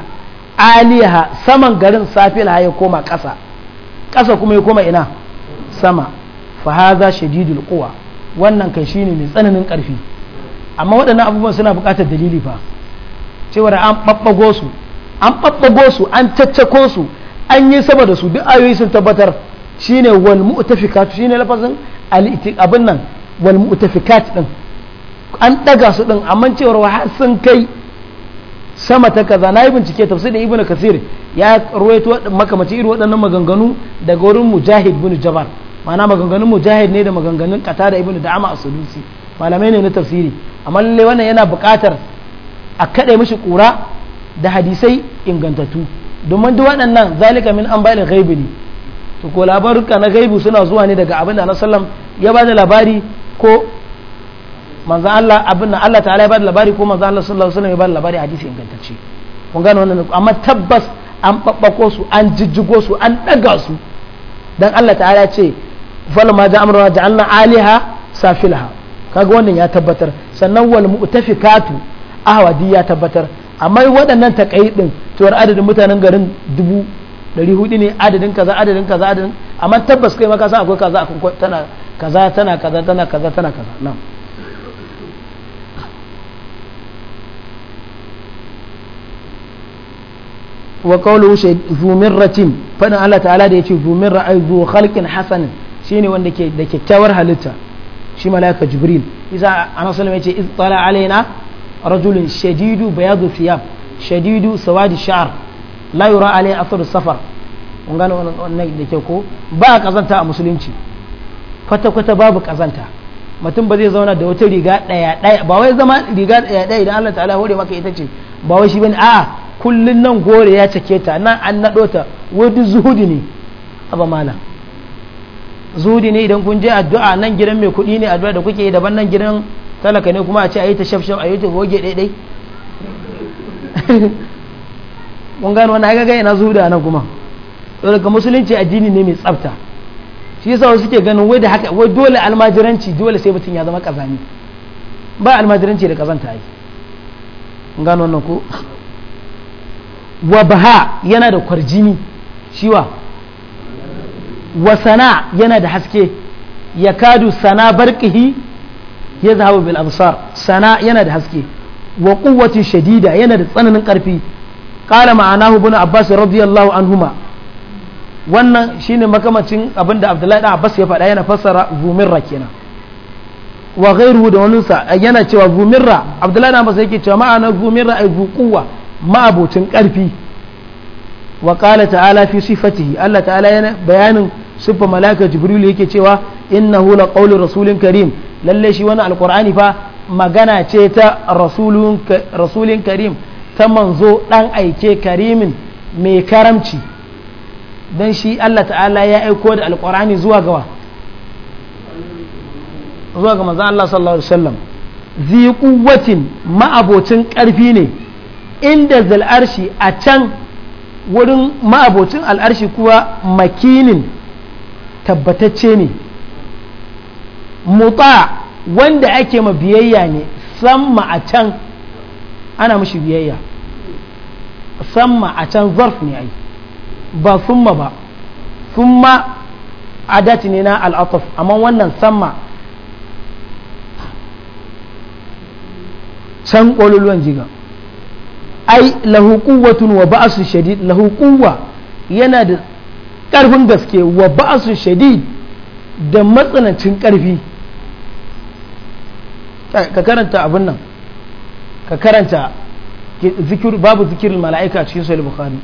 aliha saman garin safilaha ya koma ƙasa ƙasa kuma ya koma ina sama fa haza shadidul quwa wannan kai shine mai tsananin ƙarfi amma waɗannan abubuwan suna buƙatar dalili fa cewa an babbago su an caccakosu su an caccako su an yi sama da su duk ayoyi sun tabbatar shine wal mu'tafikat shine lafazin abin nan wal mu'tafikat din an daga su din amma cewar wa har sun kai sama ta kaza na yi bincike tafsir da ibnu kasir ya ruwaito makamaci irin waɗannan maganganu daga wurin mujahid bin jabar ma'ana maganganun mujahid ne da maganganun kata da ibn da'ama as-sulusi malamai ne na tafsiri amma lalle wannan yana buƙatar a kaɗe mishi ƙura da hadisai ingantattu domin duk waɗannan zalika min an bayan gaibi ne to ko labaruka na ghaibu suna zuwa ne daga abin da na sallam ya ba da labari ko manzan Allah abin da Allah ta'ala ya ba da labari ko manzan Allah sallallahu alaihi wasallam ya ba da labari hadisi ingantacce kun gane wannan amma tabbas an babbako su an jijjigo su an daga su dan Allah ta'ala ce falamma da amruna ja'alna aliha safilaha kaga wannan ya tabbatar sannan wal mu'tafikatu ahwadi ya tabbatar amma waɗannan ɗin cewar adadin mutanen garin dubu ɗari hudu ne adadin kaza adadin kaza adadin amma tabbas kai maka san akwai kaza akwai tana kaza tana kaza tana kaza tana kaza na'am wa qawluhu zu mirratin faɗin Allah ta'ala da ya ce zu mirra zuwa halkin khalqin shi ne wanda ke da kyakkyawar halitta shi malaika jibril isa anas sallallahu ce iz tala alaina rajulun shadidu bayadu thiyab shadidu sawadi sha'r la yura alai athar safar kun wani wannan da ke ko ba kazanta a musulunci kwata kwata babu kazanta mutum ba zai zauna da wata riga ɗaya-ɗaya. ba wai zama riga ɗaya-ɗaya. idan Allah ta'ala hore maka ita ce ba wai shi bane a'a kullun nan gore ya cike ta nan an naɗo ta wadi zuhudi ne ba mana zuhudi ne idan kun je addu'a nan gidan mai kuɗi ne addu'a da kuke yi daban nan gidan talaka ne kuma a ce a yi ta shafshaf a yi ta goge ɗaiɗai Kun gano wani gaya na zuhudi a nan kuma daga musulunci addini ne mai tsafta shi yasa wasu ke ganin wai da haka wai dole almajiranci dole sai mutum ya zama kazani ba almajiranci da kazanta yi gano wannan ko wa baha yana da kwarjini shiwa wa sana yana da haske ya kadu sana barkihi ya zahabu bil absar sana yana da haske wa quwwatin shadida yana da tsananin karfi qala ma'anahu ibn abbas radiyallahu anhuma wannan shine makamacin abinda abdullahi dan abbas ya faɗa yana fassara zumirra kenan wa ghairuhu da waninsa yana cewa zumirra abdullahi dan abbas yake cewa ma'ana zumirra ay quwwa ma'abocin ƙarfi wa ƙala ta'ala fi sifatihi Allah ta'ala yana bayanin siffa malaka jibril yake cewa innahu la qawlu rasulin karim lalle shi wani alqur'ani fa magana ce ta rasulun karim ta manzo ɗan aike karimin mai karamci dan shi Allah ta'ala ya aiko da alqur'ani zuwa gawa zuwa ga manzo Allah sallallahu alaihi wasallam zi quwwatin ma'abocin ƙarfi ne inda zal'arshi a can wurin ma'abocin al'arshi kuwa makinin tabbatacce ne muta wanda ake ma biyayya ne samma a can ana mashi biyayya samma a can zarf ne ai ba summa ba summa adati ne na al'ataf amma wannan samma can ƙololuwan jigan ai lahu quwwatun wa ba'su shadid lahu quwwa yana da karfin gaske wa ba'su shadid da matsanancin karfi ka karanta abin nan ka karanta zikir babu zikirin mala'ika cikin sahih bukhari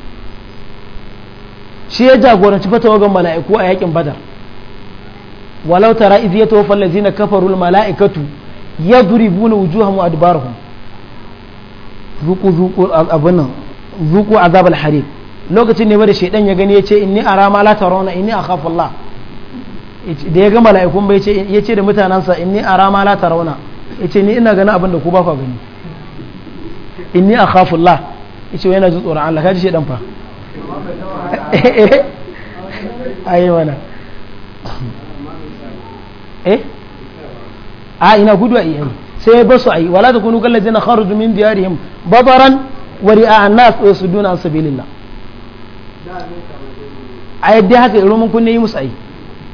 shi ya jagoranci fatawagan mala'iku a yakin badar walau tara idh yatawaffa allazina kafaru al mala'ikatu yadribuna wujuhahum adbarahum zuku zuku abin zuku azab al lokacin ne da shaidan ya gani yace inni arama la tarawna inni akhafu Allah da ya ga mala'ikun bai ce da mutanansa inni ara la tarawna yace ni ina ganin abin da ku ba ku gani inni akhafu Allah yace yana jin tsoron Allah kaji shaidan fa ayi mana eh a ina gudu a iyamu e sai ba su ayi wala takunu kal ladina kharaju min diyarihim babaran wa ri'a an-nas wa yasudduna an sabilillah ai dai haka roman kunne yi musu ayi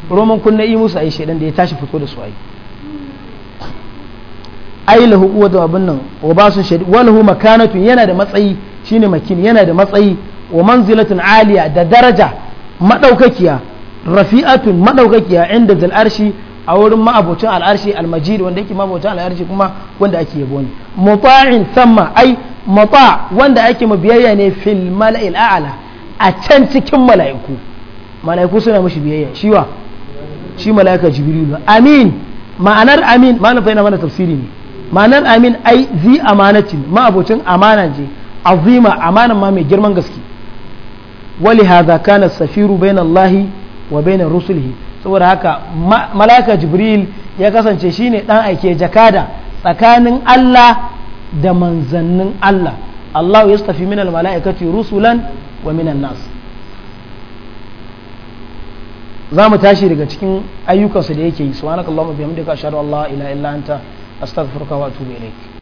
roman kunne yi musu ayi shedan da ya tashi fito da su ayi ai lahu quwwatu abun nan wa basu shadi wa lahu makanatun yana da matsayi shine makin yana da matsayi wa manzilatun aliya da daraja madaukakiya rafi'atun madaukakiya inda zal arshi a wurin ma'abocin al'arshi almajiri wanda yake ma'abocin al'arshi kuma wanda ake yabo ne muta'in samma ai muta wanda ake biyayya ne fil mala'il a'la a can cikin mala'iku mala'iku suna mashi biyayya shi wa shi mala'ika jibrilu amin ma'anar amin ma'anar fa mana tafsiri ne ma'anar amin ai zi amanatin ma'abocin amana je azima amanan ma mai girman gaske wali ولهذا كان السفير بين wa وبين رسله saboda haka malaka jibril ya kasance shine dan aike jakada tsakanin Allah da manzannin Allah Allah ya stafi min mala'ikati rusulan wa an nas za mu tashi daga cikin ayyukansa da yake yi subhanakallahumma bihamdika ashhadu an la ilaha illa anta astaghfiruka wa atubu ilaik